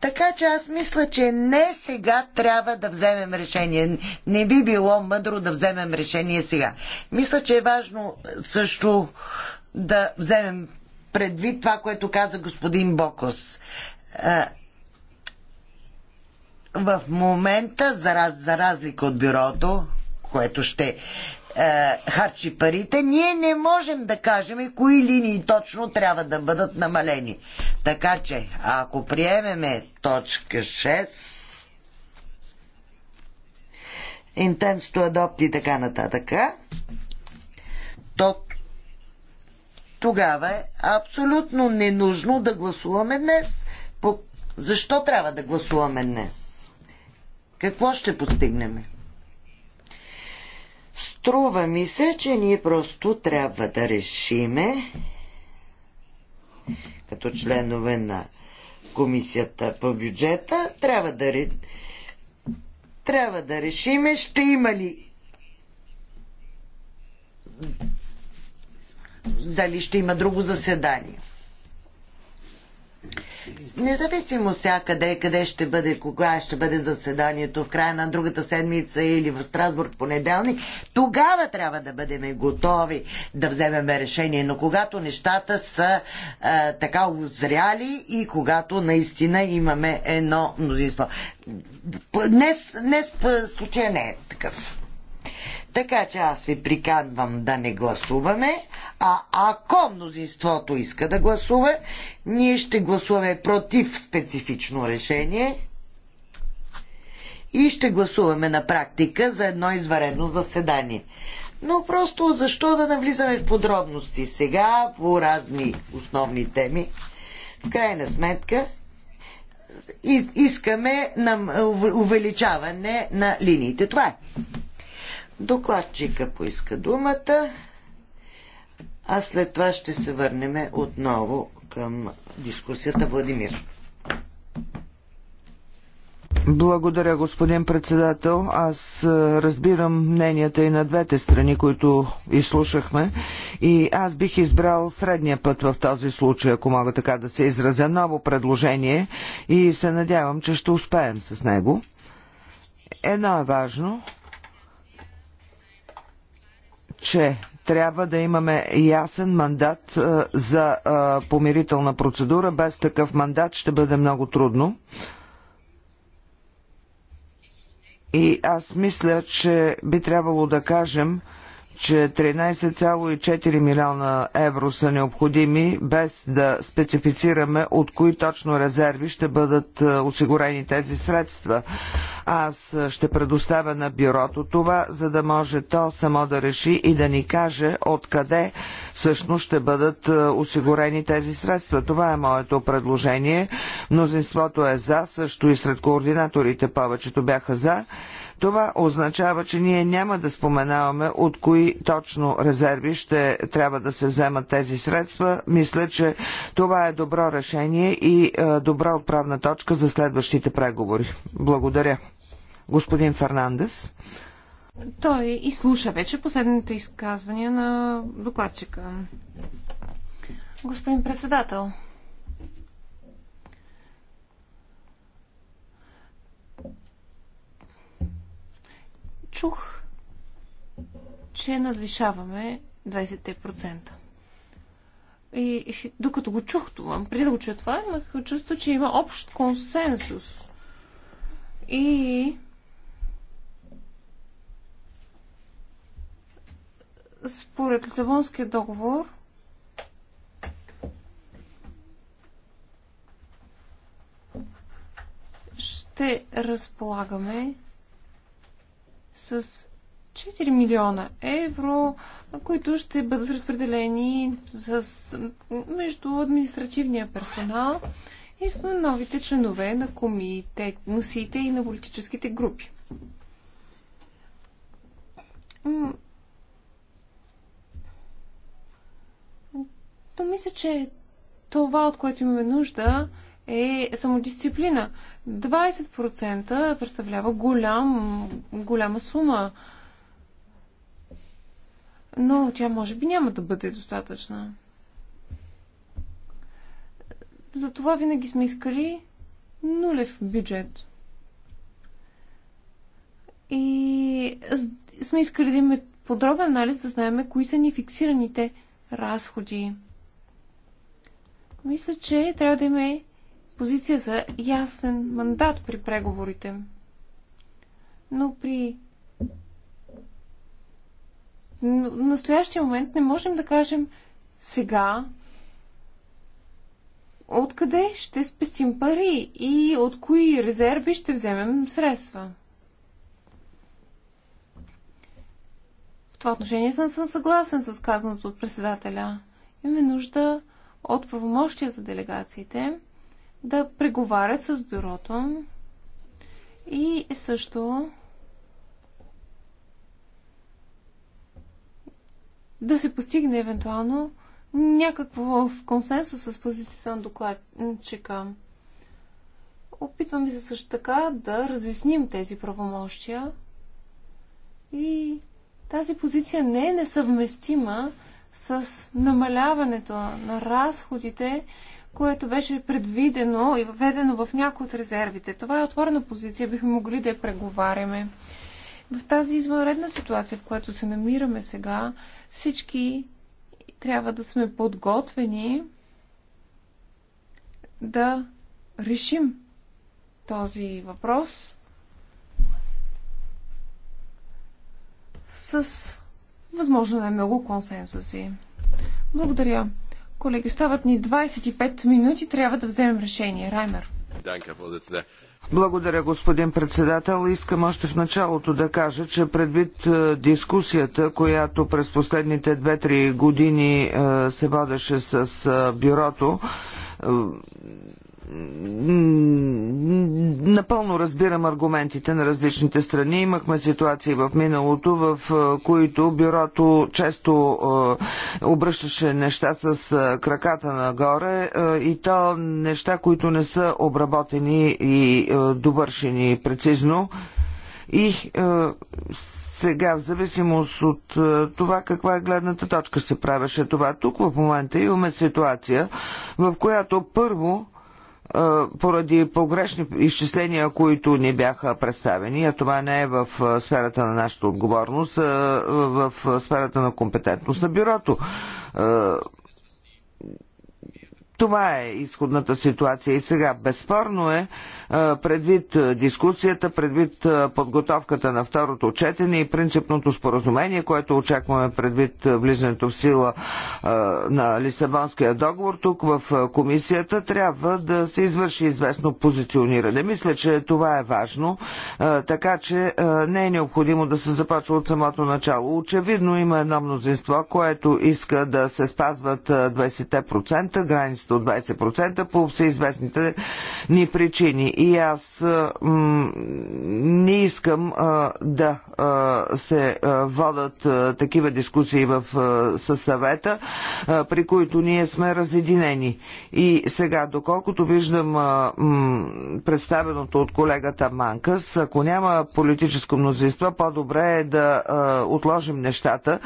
Така че аз мисля, че не сега трябва да вземем решение. Не би било мъдро да вземем решение сега. Мисля, че е важно също да вземем предвид това, което каза господин Бокос. В момента, за, раз, за разлика от бюрото, което ще е, харчи парите, ние не можем да кажем кои линии точно трябва да бъдат намалени. Така че, ако приемеме точка 6, Intense to Adopt и така нататък, то тогава е абсолютно ненужно да гласуваме днес. По... Защо трябва да гласуваме днес? Какво ще постигнем? Струва ми се, че ние просто трябва да решиме като членове на комисията по бюджета, трябва да, ре... трябва да решиме ще има ли дали ще има друго заседание. Независимо сега къде, къде ще бъде, кога ще бъде заседанието, в края на другата седмица или в Страсбург понеделник, тогава трябва да бъдем готови да вземем решение. Но когато нещата са а, така озряли и когато наистина имаме едно мнозинство. Днес, днес случая не е такъв. Така че аз ви приканвам да не гласуваме, а ако мнозинството иска да гласува, ние ще гласуваме против специфично решение и ще гласуваме на практика за едно изваредно заседание. Но просто защо да навлизаме в подробности сега по разни основни теми? В крайна сметка искаме увеличаване на линиите. Това е. Докладчика поиска думата, а след това ще се върнем отново към дискусията. Владимир. Благодаря, господин председател. Аз разбирам мненията и на двете страни, които изслушахме. И аз бих избрал средния път в този случай, ако мога така да се изразя. Ново предложение и се надявам, че ще успеем с него. Едно е важно че трябва да имаме ясен мандат е, за е, помирителна процедура. Без такъв мандат ще бъде много трудно. И аз мисля, че би трябвало да кажем, че 13,4 милиона евро са необходими, без да специфицираме от кои точно резерви ще бъдат е, осигурени тези средства. Аз е, ще предоставя на бюрото това, за да може то само да реши и да ни каже откъде всъщност ще бъдат е, осигурени тези средства. Това е моето предложение. Мнозинството е за, също и сред координаторите повечето бяха за. Това означава, че ние няма да споменаваме от кои точно резерви ще трябва да се вземат тези средства. Мисля, че това е добро решение и е, добра отправна точка за следващите преговори. Благодаря. Господин Фернандес. Той изслуша вече последните изказвания на докладчика. Господин председател, чух, че надвишаваме 20%. И, и докато го чух това, преди да го чуя това, имах чувство, че има общ консенсус. И според Лисабонския договор ще разполагаме с 4 милиона евро, които ще бъдат разпределени с, между административния персонал и с новите членове на комитетите и на политическите групи. Но мисля, че това, от което имаме нужда, е самодисциплина. 20% представлява голям, голяма сума. Но тя може би няма да бъде достатъчна. Затова винаги сме искали нулев бюджет. И сме искали да имаме подробен анализ, да знаем кои са ни фиксираните разходи. Мисля, че трябва да имаме позиция за ясен мандат при преговорите. Но при но в настоящия момент не можем да кажем сега откъде ще спестим пари и от кои резерви ще вземем средства. В това отношение съм, съм съгласен с казаното от председателя. Имаме нужда от правомощия за делегациите – да преговарят с бюрото и също да се постигне евентуално някакво в консенсус с позицията на докладчика. Опитваме се също така да разясним тези правомощия и тази позиция не е несъвместима с намаляването на разходите което беше предвидено и введено в някои от резервите. Това е отворена позиция, бихме могли да я преговаряме. В тази извънредна ситуация, в която се намираме сега, всички трябва да сме подготвени да решим този въпрос с възможно най-много консенсуси. Благодаря. Колеги, остават ни 25 минути, трябва да вземем решение. Раймер. Благодаря, господин председател. Искам още в началото да кажа, че предвид е, дискусията, която през последните 2-3 години е, се водеше с е, бюрото, Напълно разбирам аргументите на различните страни. Имахме ситуации в миналото, в които бюрото често обръщаше неща с краката нагоре и то неща, които не са обработени и довършени прецизно. И е, сега, в зависимост от е, това каква е гледната точка, се правеше това. Тук в момента имаме ситуация, в която първо поради погрешни изчисления, които ни бяха представени, а това не е в сферата на нашата отговорност, а в сферата на компетентност на бюрото. Това е изходната ситуация и сега. Безспорно е, предвид дискусията, предвид подготовката на второто четене и принципното споразумение, което очакваме предвид влизането в сила на Лисабонския договор, тук в комисията трябва да се извърши известно позициониране. Мисля, че това е важно, така че не е необходимо да се започва от самото начало. Очевидно има едно мнозинство, което иска да се спазват 20% границата от 20% по всеизвестните ни причини и аз не искам да се водат такива дискусии в със съвета, при които ние сме разединени. И сега, доколкото виждам представеното от колегата Манкас, ако няма политическо мнозинство, по-добре е да отложим нещата.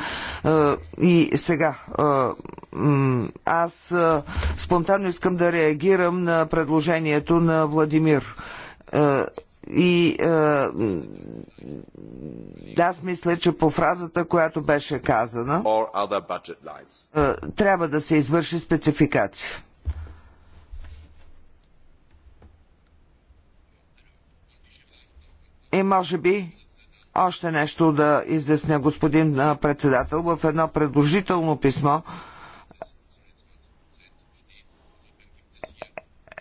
И сега, аз спонтанно искам да реагирам на предложението на Владимир Башир. Е, и е, аз мисля, че по фразата, която беше казана, е, трябва да се извърши спецификация. И може би още нещо да изясня господин председател в едно предложително писмо,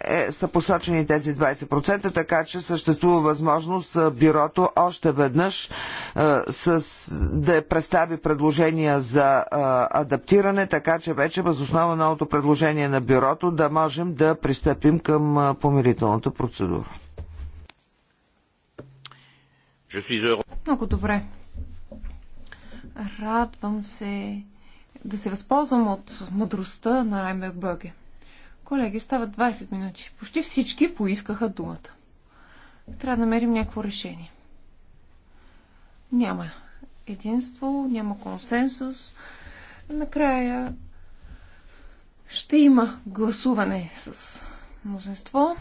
е, са посочени тези 20%, така че съществува възможност е, бюрото още веднъж е, с, да представи предложения за е, адаптиране, така че вече възоснова новото предложение на бюрото да можем да пристъпим към е, помирителната процедура. Много добре. Радвам се да се възползвам от мъдростта на Раймер Бъге. Колеги, остават 20 минути. Почти всички поискаха думата. Трябва да намерим някакво решение. Няма единство, няма консенсус. Накрая ще има гласуване с мнозинство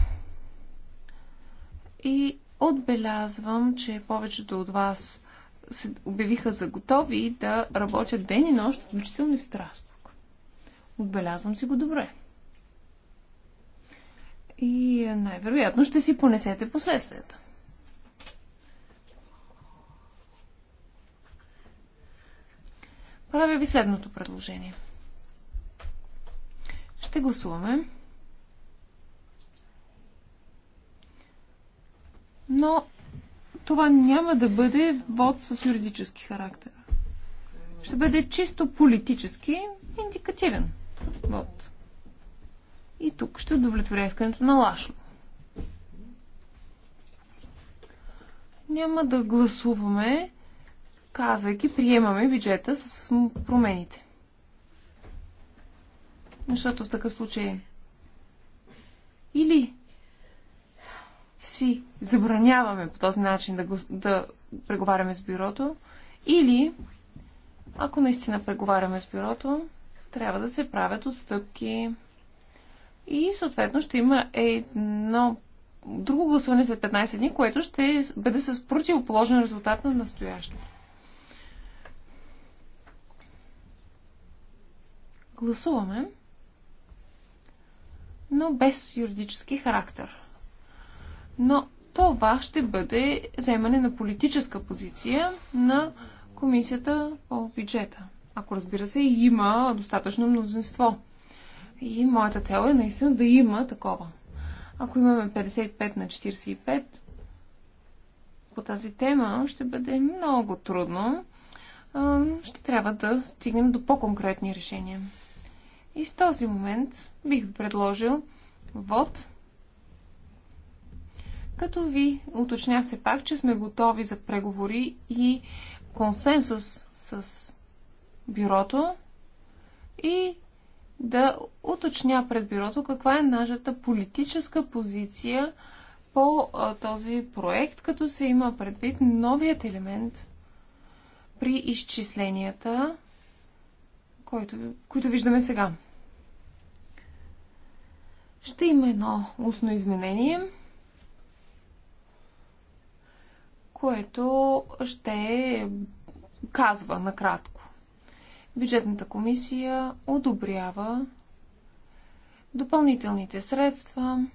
и отбелязвам, че повечето от вас се обявиха за готови да работят ден и нощ, включително и в Страсбург. Отбелязвам си го добре и най-вероятно ще си понесете последствията. Правя ви следното предложение. Ще гласуваме. Но това няма да бъде вод с юридически характер. Ще бъде чисто политически индикативен вод. И тук ще удовлетворя искането на Лашло. Няма да гласуваме, казвайки, приемаме бюджета с промените. Защото в такъв случай или си забраняваме по този начин да, го, да преговаряме с бюрото, или ако наистина преговаряме с бюрото, трябва да се правят отстъпки. И съответно ще има едно друго гласуване след 15 дни, което ще бъде с противоположен резултат на настоящето. Гласуваме, но без юридически характер. Но това ще бъде вземане на политическа позиция на комисията по бюджета. Ако разбира се, има достатъчно мнозинство – и моята цел е наистина да има такова. Ако имаме 55 на 45 по тази тема, ще бъде много трудно. Ще трябва да стигнем до по-конкретни решения. И в този момент бих ви предложил вод, като ви уточня се пак, че сме готови за преговори и консенсус с бюрото и да уточня пред бюрото каква е нашата политическа позиция по този проект, като се има предвид новият елемент при изчисленията, който, които виждаме сега. Ще има едно устно изменение, което ще казва накратко бюджетната комисия одобрява допълнителните средства,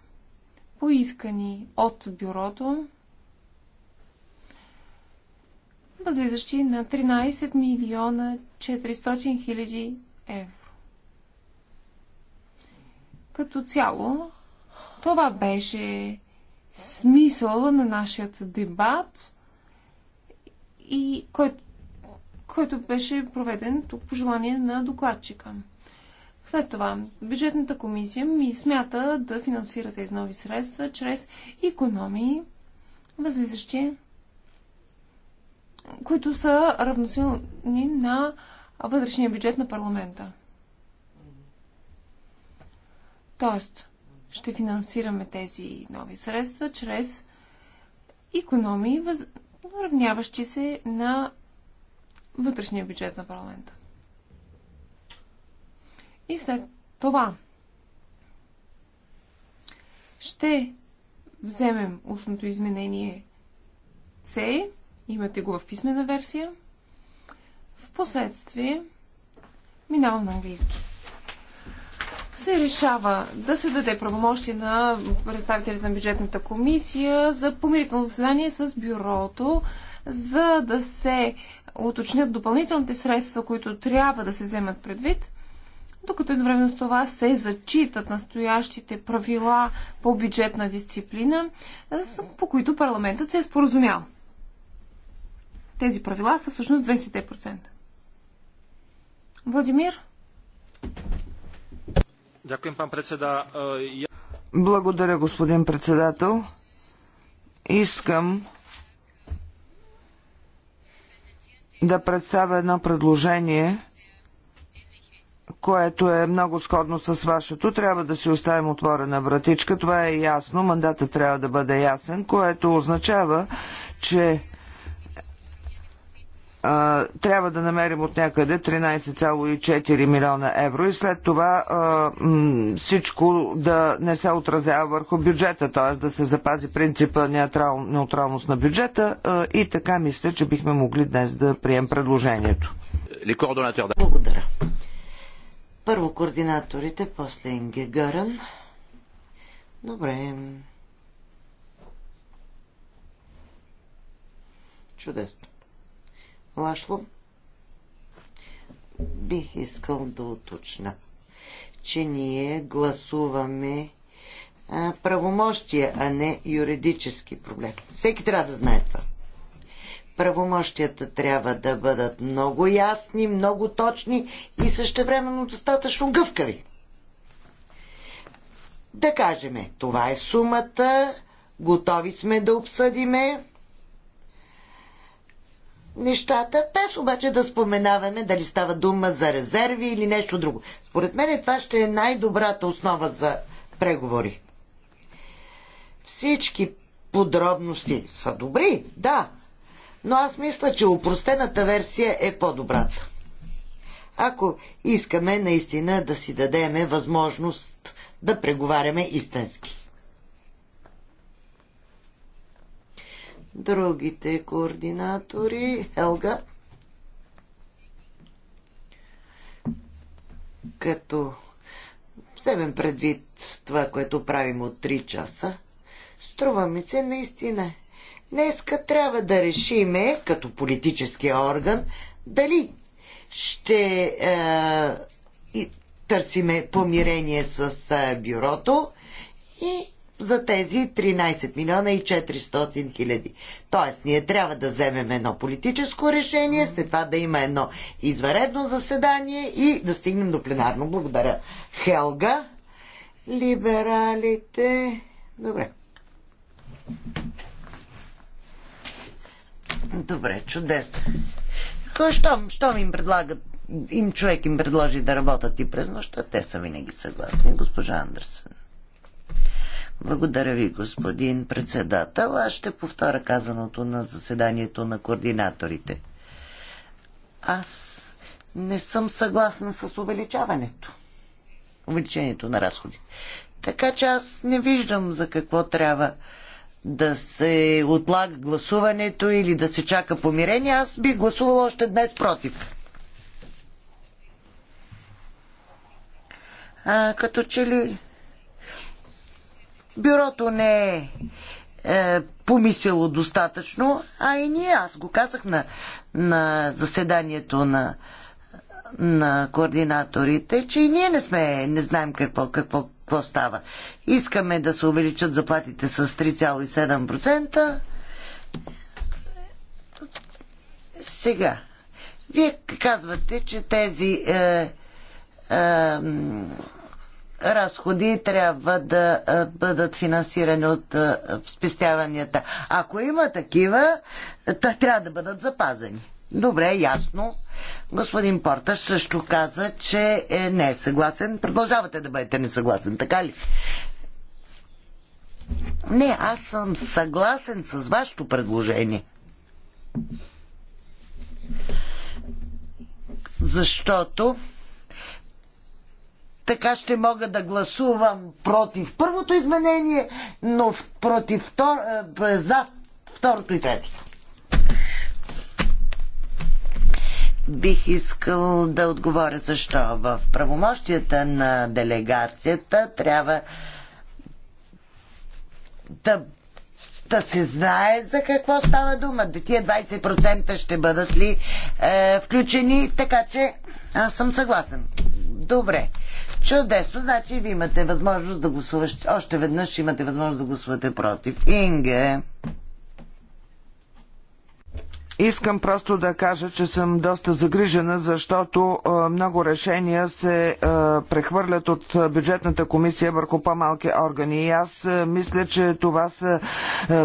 поискани от бюрото, възлизащи на 13 милиона 400 хиляди евро. Като цяло, това беше смисъл на нашия дебат, и който който беше проведен тук по желание на докладчика. След това, бюджетната комисия ми смята да финансира тези нови средства чрез економии, възлизащи, които са равносилни на вътрешния бюджет на парламента. Тоест, ще финансираме тези нови средства чрез економии, въз... равняващи се на вътрешния бюджет на парламента. И след това ще вземем устното изменение C, имате го в писмена версия. Впоследствие минавам на английски. Се решава да се даде правомощие на представителите на бюджетната комисия за помирително заседание с бюрото, за да се уточнят допълнителните средства, които трябва да се вземат предвид, докато едновременно с това се зачитат настоящите правила по бюджетна дисциплина, по които парламентът се е споразумял. Тези правила са всъщност 20%. Владимир? Е, Благодаря, господин председател. Искам да представя едно предложение, което е много сходно с вашето. Трябва да си оставим отворена вратичка. Това е ясно. Мандата трябва да бъде ясен, което означава, че трябва да намерим от някъде 13,4 милиона евро и след това всичко да не се отразява върху бюджета, т.е. да се запази принципа неутралност на бюджета и така мисля, че бихме могли днес да прием предложението. Благодаря. Първо координаторите, после Инге Гърън. Добре. Чудесно. Лашло, бих искал да уточна, че ние гласуваме а, правомощия, а не юридически проблем. Всеки трябва да знае това. Правомощията трябва да бъдат много ясни, много точни и същевременно достатъчно гъвкави. Да кажеме, това е сумата, готови сме да обсъдиме нещата, без обаче да споменаваме дали става дума за резерви или нещо друго. Според мен това ще е най-добрата основа за преговори. Всички подробности са добри, да, но аз мисля, че упростената версия е по-добрата. Ако искаме наистина да си дадеме възможност да преговаряме истински. другите координатори. Елга. Като вземем предвид това, което правим от 3 часа, струва ми се наистина. Днеска трябва да решиме, като политически орган, дали ще е, и търсиме помирение с е, бюрото и за тези 13 милиона и 400 хиляди. Тоест, ние трябва да вземем едно политическо решение, след това да има едно изваредно заседание и да стигнем до пленарно. Благодаря. Хелга, либералите. Добре. Добре, чудесно. Щом, щом им предлагат, им човек им предложи да работят и през нощта, те са винаги съгласни. Госпожа Андерсен. Благодаря ви, господин председател. Аз ще повторя казаното на заседанието на координаторите. Аз не съм съгласна с увеличаването. Увеличението на разходите. Така че аз не виждам за какво трябва да се отлага гласуването или да се чака помирение. Аз би гласувала още днес против. А, като че ли Бюрото не е, е помислило достатъчно, а и ние, аз го казах на, на заседанието на, на координаторите, че и ние не сме, не знаем какво, какво, какво става. Искаме да се увеличат заплатите с 3,7%. Сега, вие казвате, че тези е, е, разходи трябва да бъдат финансирани от спестяванията. Ако има такива, те трябва да бъдат запазени. Добре, ясно. Господин Порташ също каза, че е, не е съгласен. Продължавате да бъдете несъгласен, така ли? Не, аз съм съгласен с вашето предложение. Защото така ще мога да гласувам против първото изменение, но против втор... Е, за второто и третото. Бих искал да отговоря защо в правомощията на делегацията трябва да, да се знае за какво става дума. Да тия 20% ще бъдат ли е, включени, така че аз съм съгласен. Добре. Чудесно. Значи ви имате възможност да гласувате Още веднъж имате възможност да гласувате против. Инге. Искам просто да кажа, че съм доста загрижена, защото много решения се прехвърлят от бюджетната комисия върху по-малки органи. И аз мисля, че това са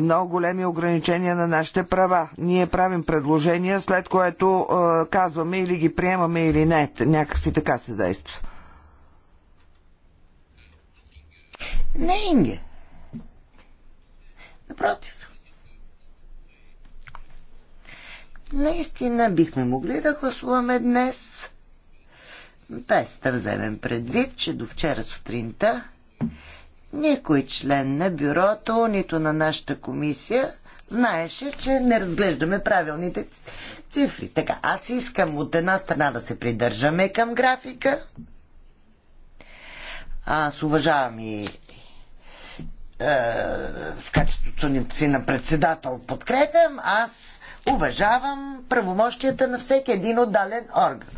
много големи ограничения на нашите права. Ние правим предложения, след което казваме или ги приемаме или не. Някакси така се действа. Не, Инге. Напротив. наистина бихме могли да гласуваме днес, без да вземем предвид, че до вчера сутринта никой член на бюрото, нито на нашата комисия, знаеше, че не разглеждаме правилните цифри. Така, аз искам от една страна да се придържаме към графика. Аз уважавам и е, в качеството си на председател подкрепям. Аз уважавам правомощията на всеки един отдален орган.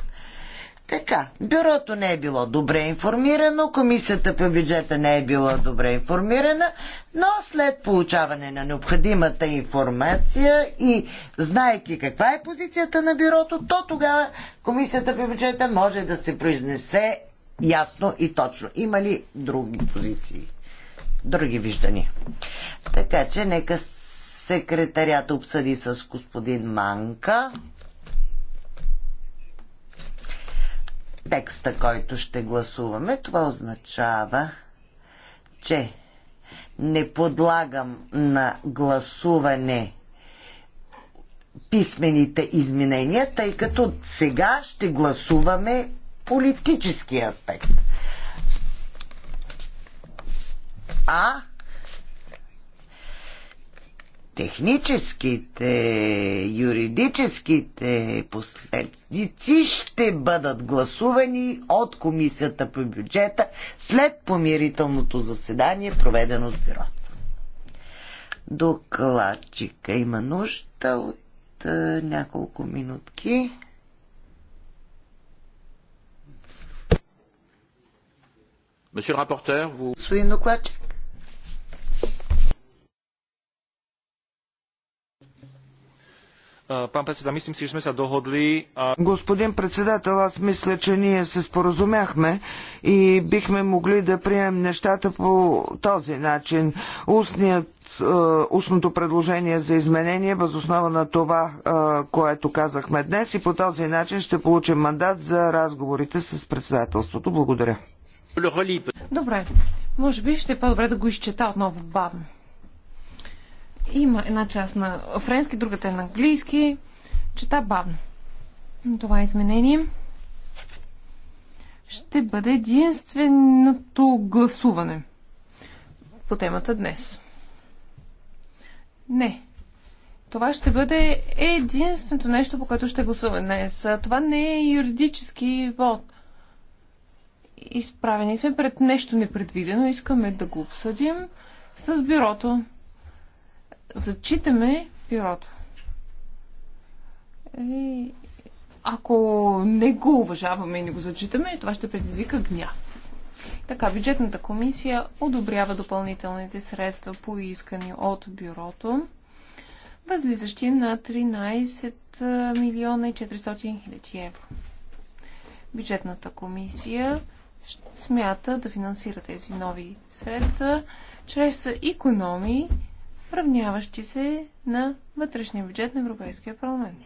Така, бюрото не е било добре информирано, комисията по бюджета не е била добре информирана, но след получаване на необходимата информация и знаеки каква е позицията на бюрото, то тогава комисията по бюджета може да се произнесе ясно и точно. Има ли други позиции? Други виждания? Така че нека секретарят обсъди с господин Манка. Текста, който ще гласуваме, това означава, че не подлагам на гласуване писмените изменения, тъй като сега ще гласуваме политически аспект. А техническите, юридическите последици ще бъдат гласувани от Комисията по бюджета след помирителното заседание, проведено с бюро. Докладчика има нужда от е, няколко минутки. Monsieur рапортер, rapporteur, Господин докладчик, Пан председател, мислим си, че сме се Господин председател, аз мисля, че ние се споразумяхме и бихме могли да приемем нещата по този начин. Устният устното предложение за изменение възоснова на това, което казахме днес и по този начин ще получим мандат за разговорите с председателството. Благодаря. Добре. Може би ще е по-добре да го изчета отново бавно. Има една част на френски, другата е на английски. Чета бавно. Това е изменение ще бъде единственото гласуване по темата днес. Не. Това ще бъде единственото нещо, по което ще гласуваме днес. Това не е юридически вод. Изправени сме пред нещо непредвидено. Искаме да го обсъдим с бюрото зачитаме бюрото. И е, ако не го уважаваме и не го зачитаме, това ще предизвика гняв. Така, бюджетната комисия одобрява допълнителните средства поискани от бюрото, възлизащи на 13 милиона и 400 хиляди евро. Бюджетната комисия смята да финансира тези нови средства чрез економии равняващи се на вътрешния бюджет на Европейския парламент.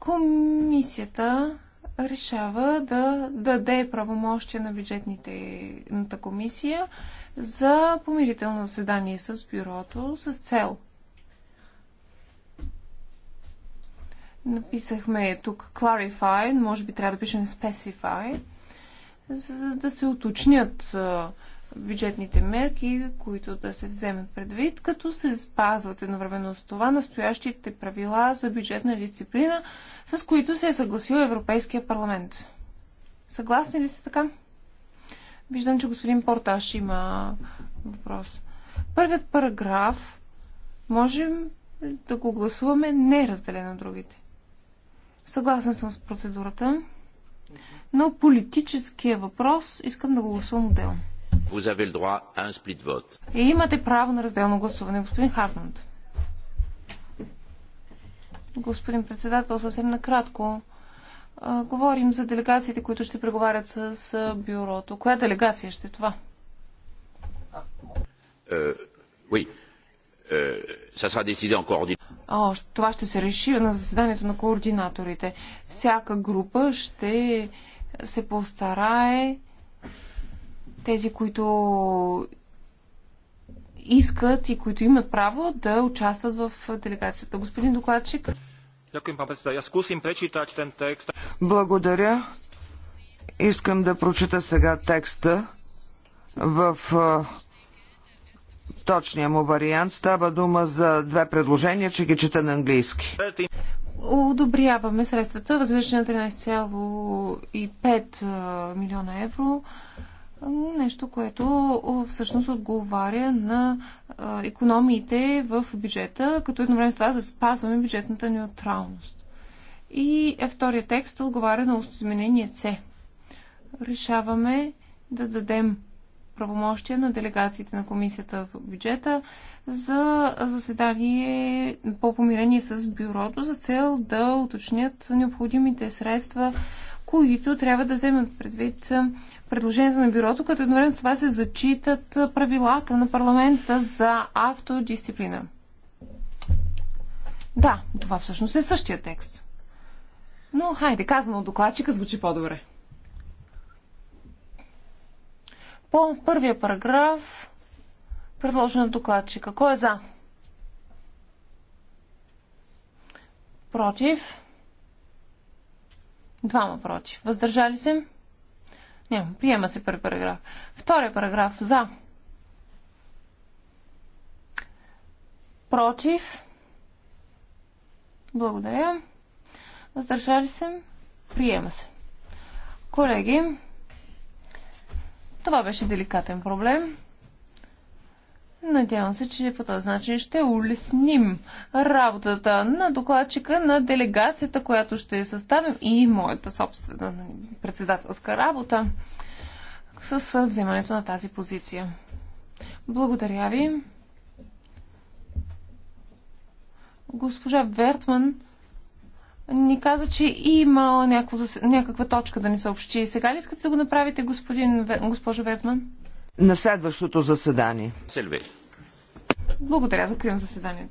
Комисията решава да даде правомощия на бюджетните комисия за помирително заседание с бюрото с цел Написахме тук clarify, може би трябва да пишем specify, за да се уточнят бюджетните мерки, които да се вземат предвид, като се спазват едновременно с това настоящите правила за бюджетна дисциплина, с които се е съгласил Европейския парламент. Съгласни ли сте така? Виждам, че господин Порташ има въпрос. Първият параграф можем да го гласуваме неразделен от другите. Съгласен съм с процедурата, но политическия въпрос искам да го гласувам отделно. Vous avez le droit à un split vote. И имате право на разделно гласуване, господин Хартманд. Господин председател, съвсем накратко. А, говорим за делегациите, които ще преговарят с, бюрото. Коя делегация ще е това? Uh, oui ça sera décidé en coordination. Това ще се реши на заседанието на координаторите. Всяка група ще се постарае тези, които искат и които имат право да участват в делегацията. Господин докладчик. Благодаря. Искам да прочита сега текста в точния му вариант. Става дума за две предложения, че ги чета на английски. Одобряваме средствата, възлича на 13,5 милиона евро. Нещо, което всъщност отговаря на економиите в бюджета, като едновременно с това спазваме бюджетната неутралност. И е, втория текст отговаря на устоизменение С. Решаваме да дадем правомощия на делегациите на комисията в бюджета за заседание по помирение с бюрото за цел да уточнят необходимите средства, които трябва да вземат предвид предложението на бюрото, като едновременно с това се зачитат правилата на парламента за автодисциплина. Да, това всъщност е същия текст. Но хайде, казано от докладчика звучи по-добре. По първия параграф, предложен от докладчика. Кой е за? Против? Двама против. Въздържали се? Няма. Приема се първи параграф. Втория параграф. За. Против. Благодаря. Въздържали се? Приема се. Колеги, това беше деликатен проблем. Надявам се, че по този начин ще улесним работата на докладчика на делегацията, която ще съставим и моята собствена председателска работа с вземането на тази позиция. Благодаря ви. Госпожа Вертман ни каза, че има някакво, някаква точка да ни съобщи. Сега ли искате да го направите, господин, госпожо Вертман? На следващото заседание. Благодаря. Закривам заседанието.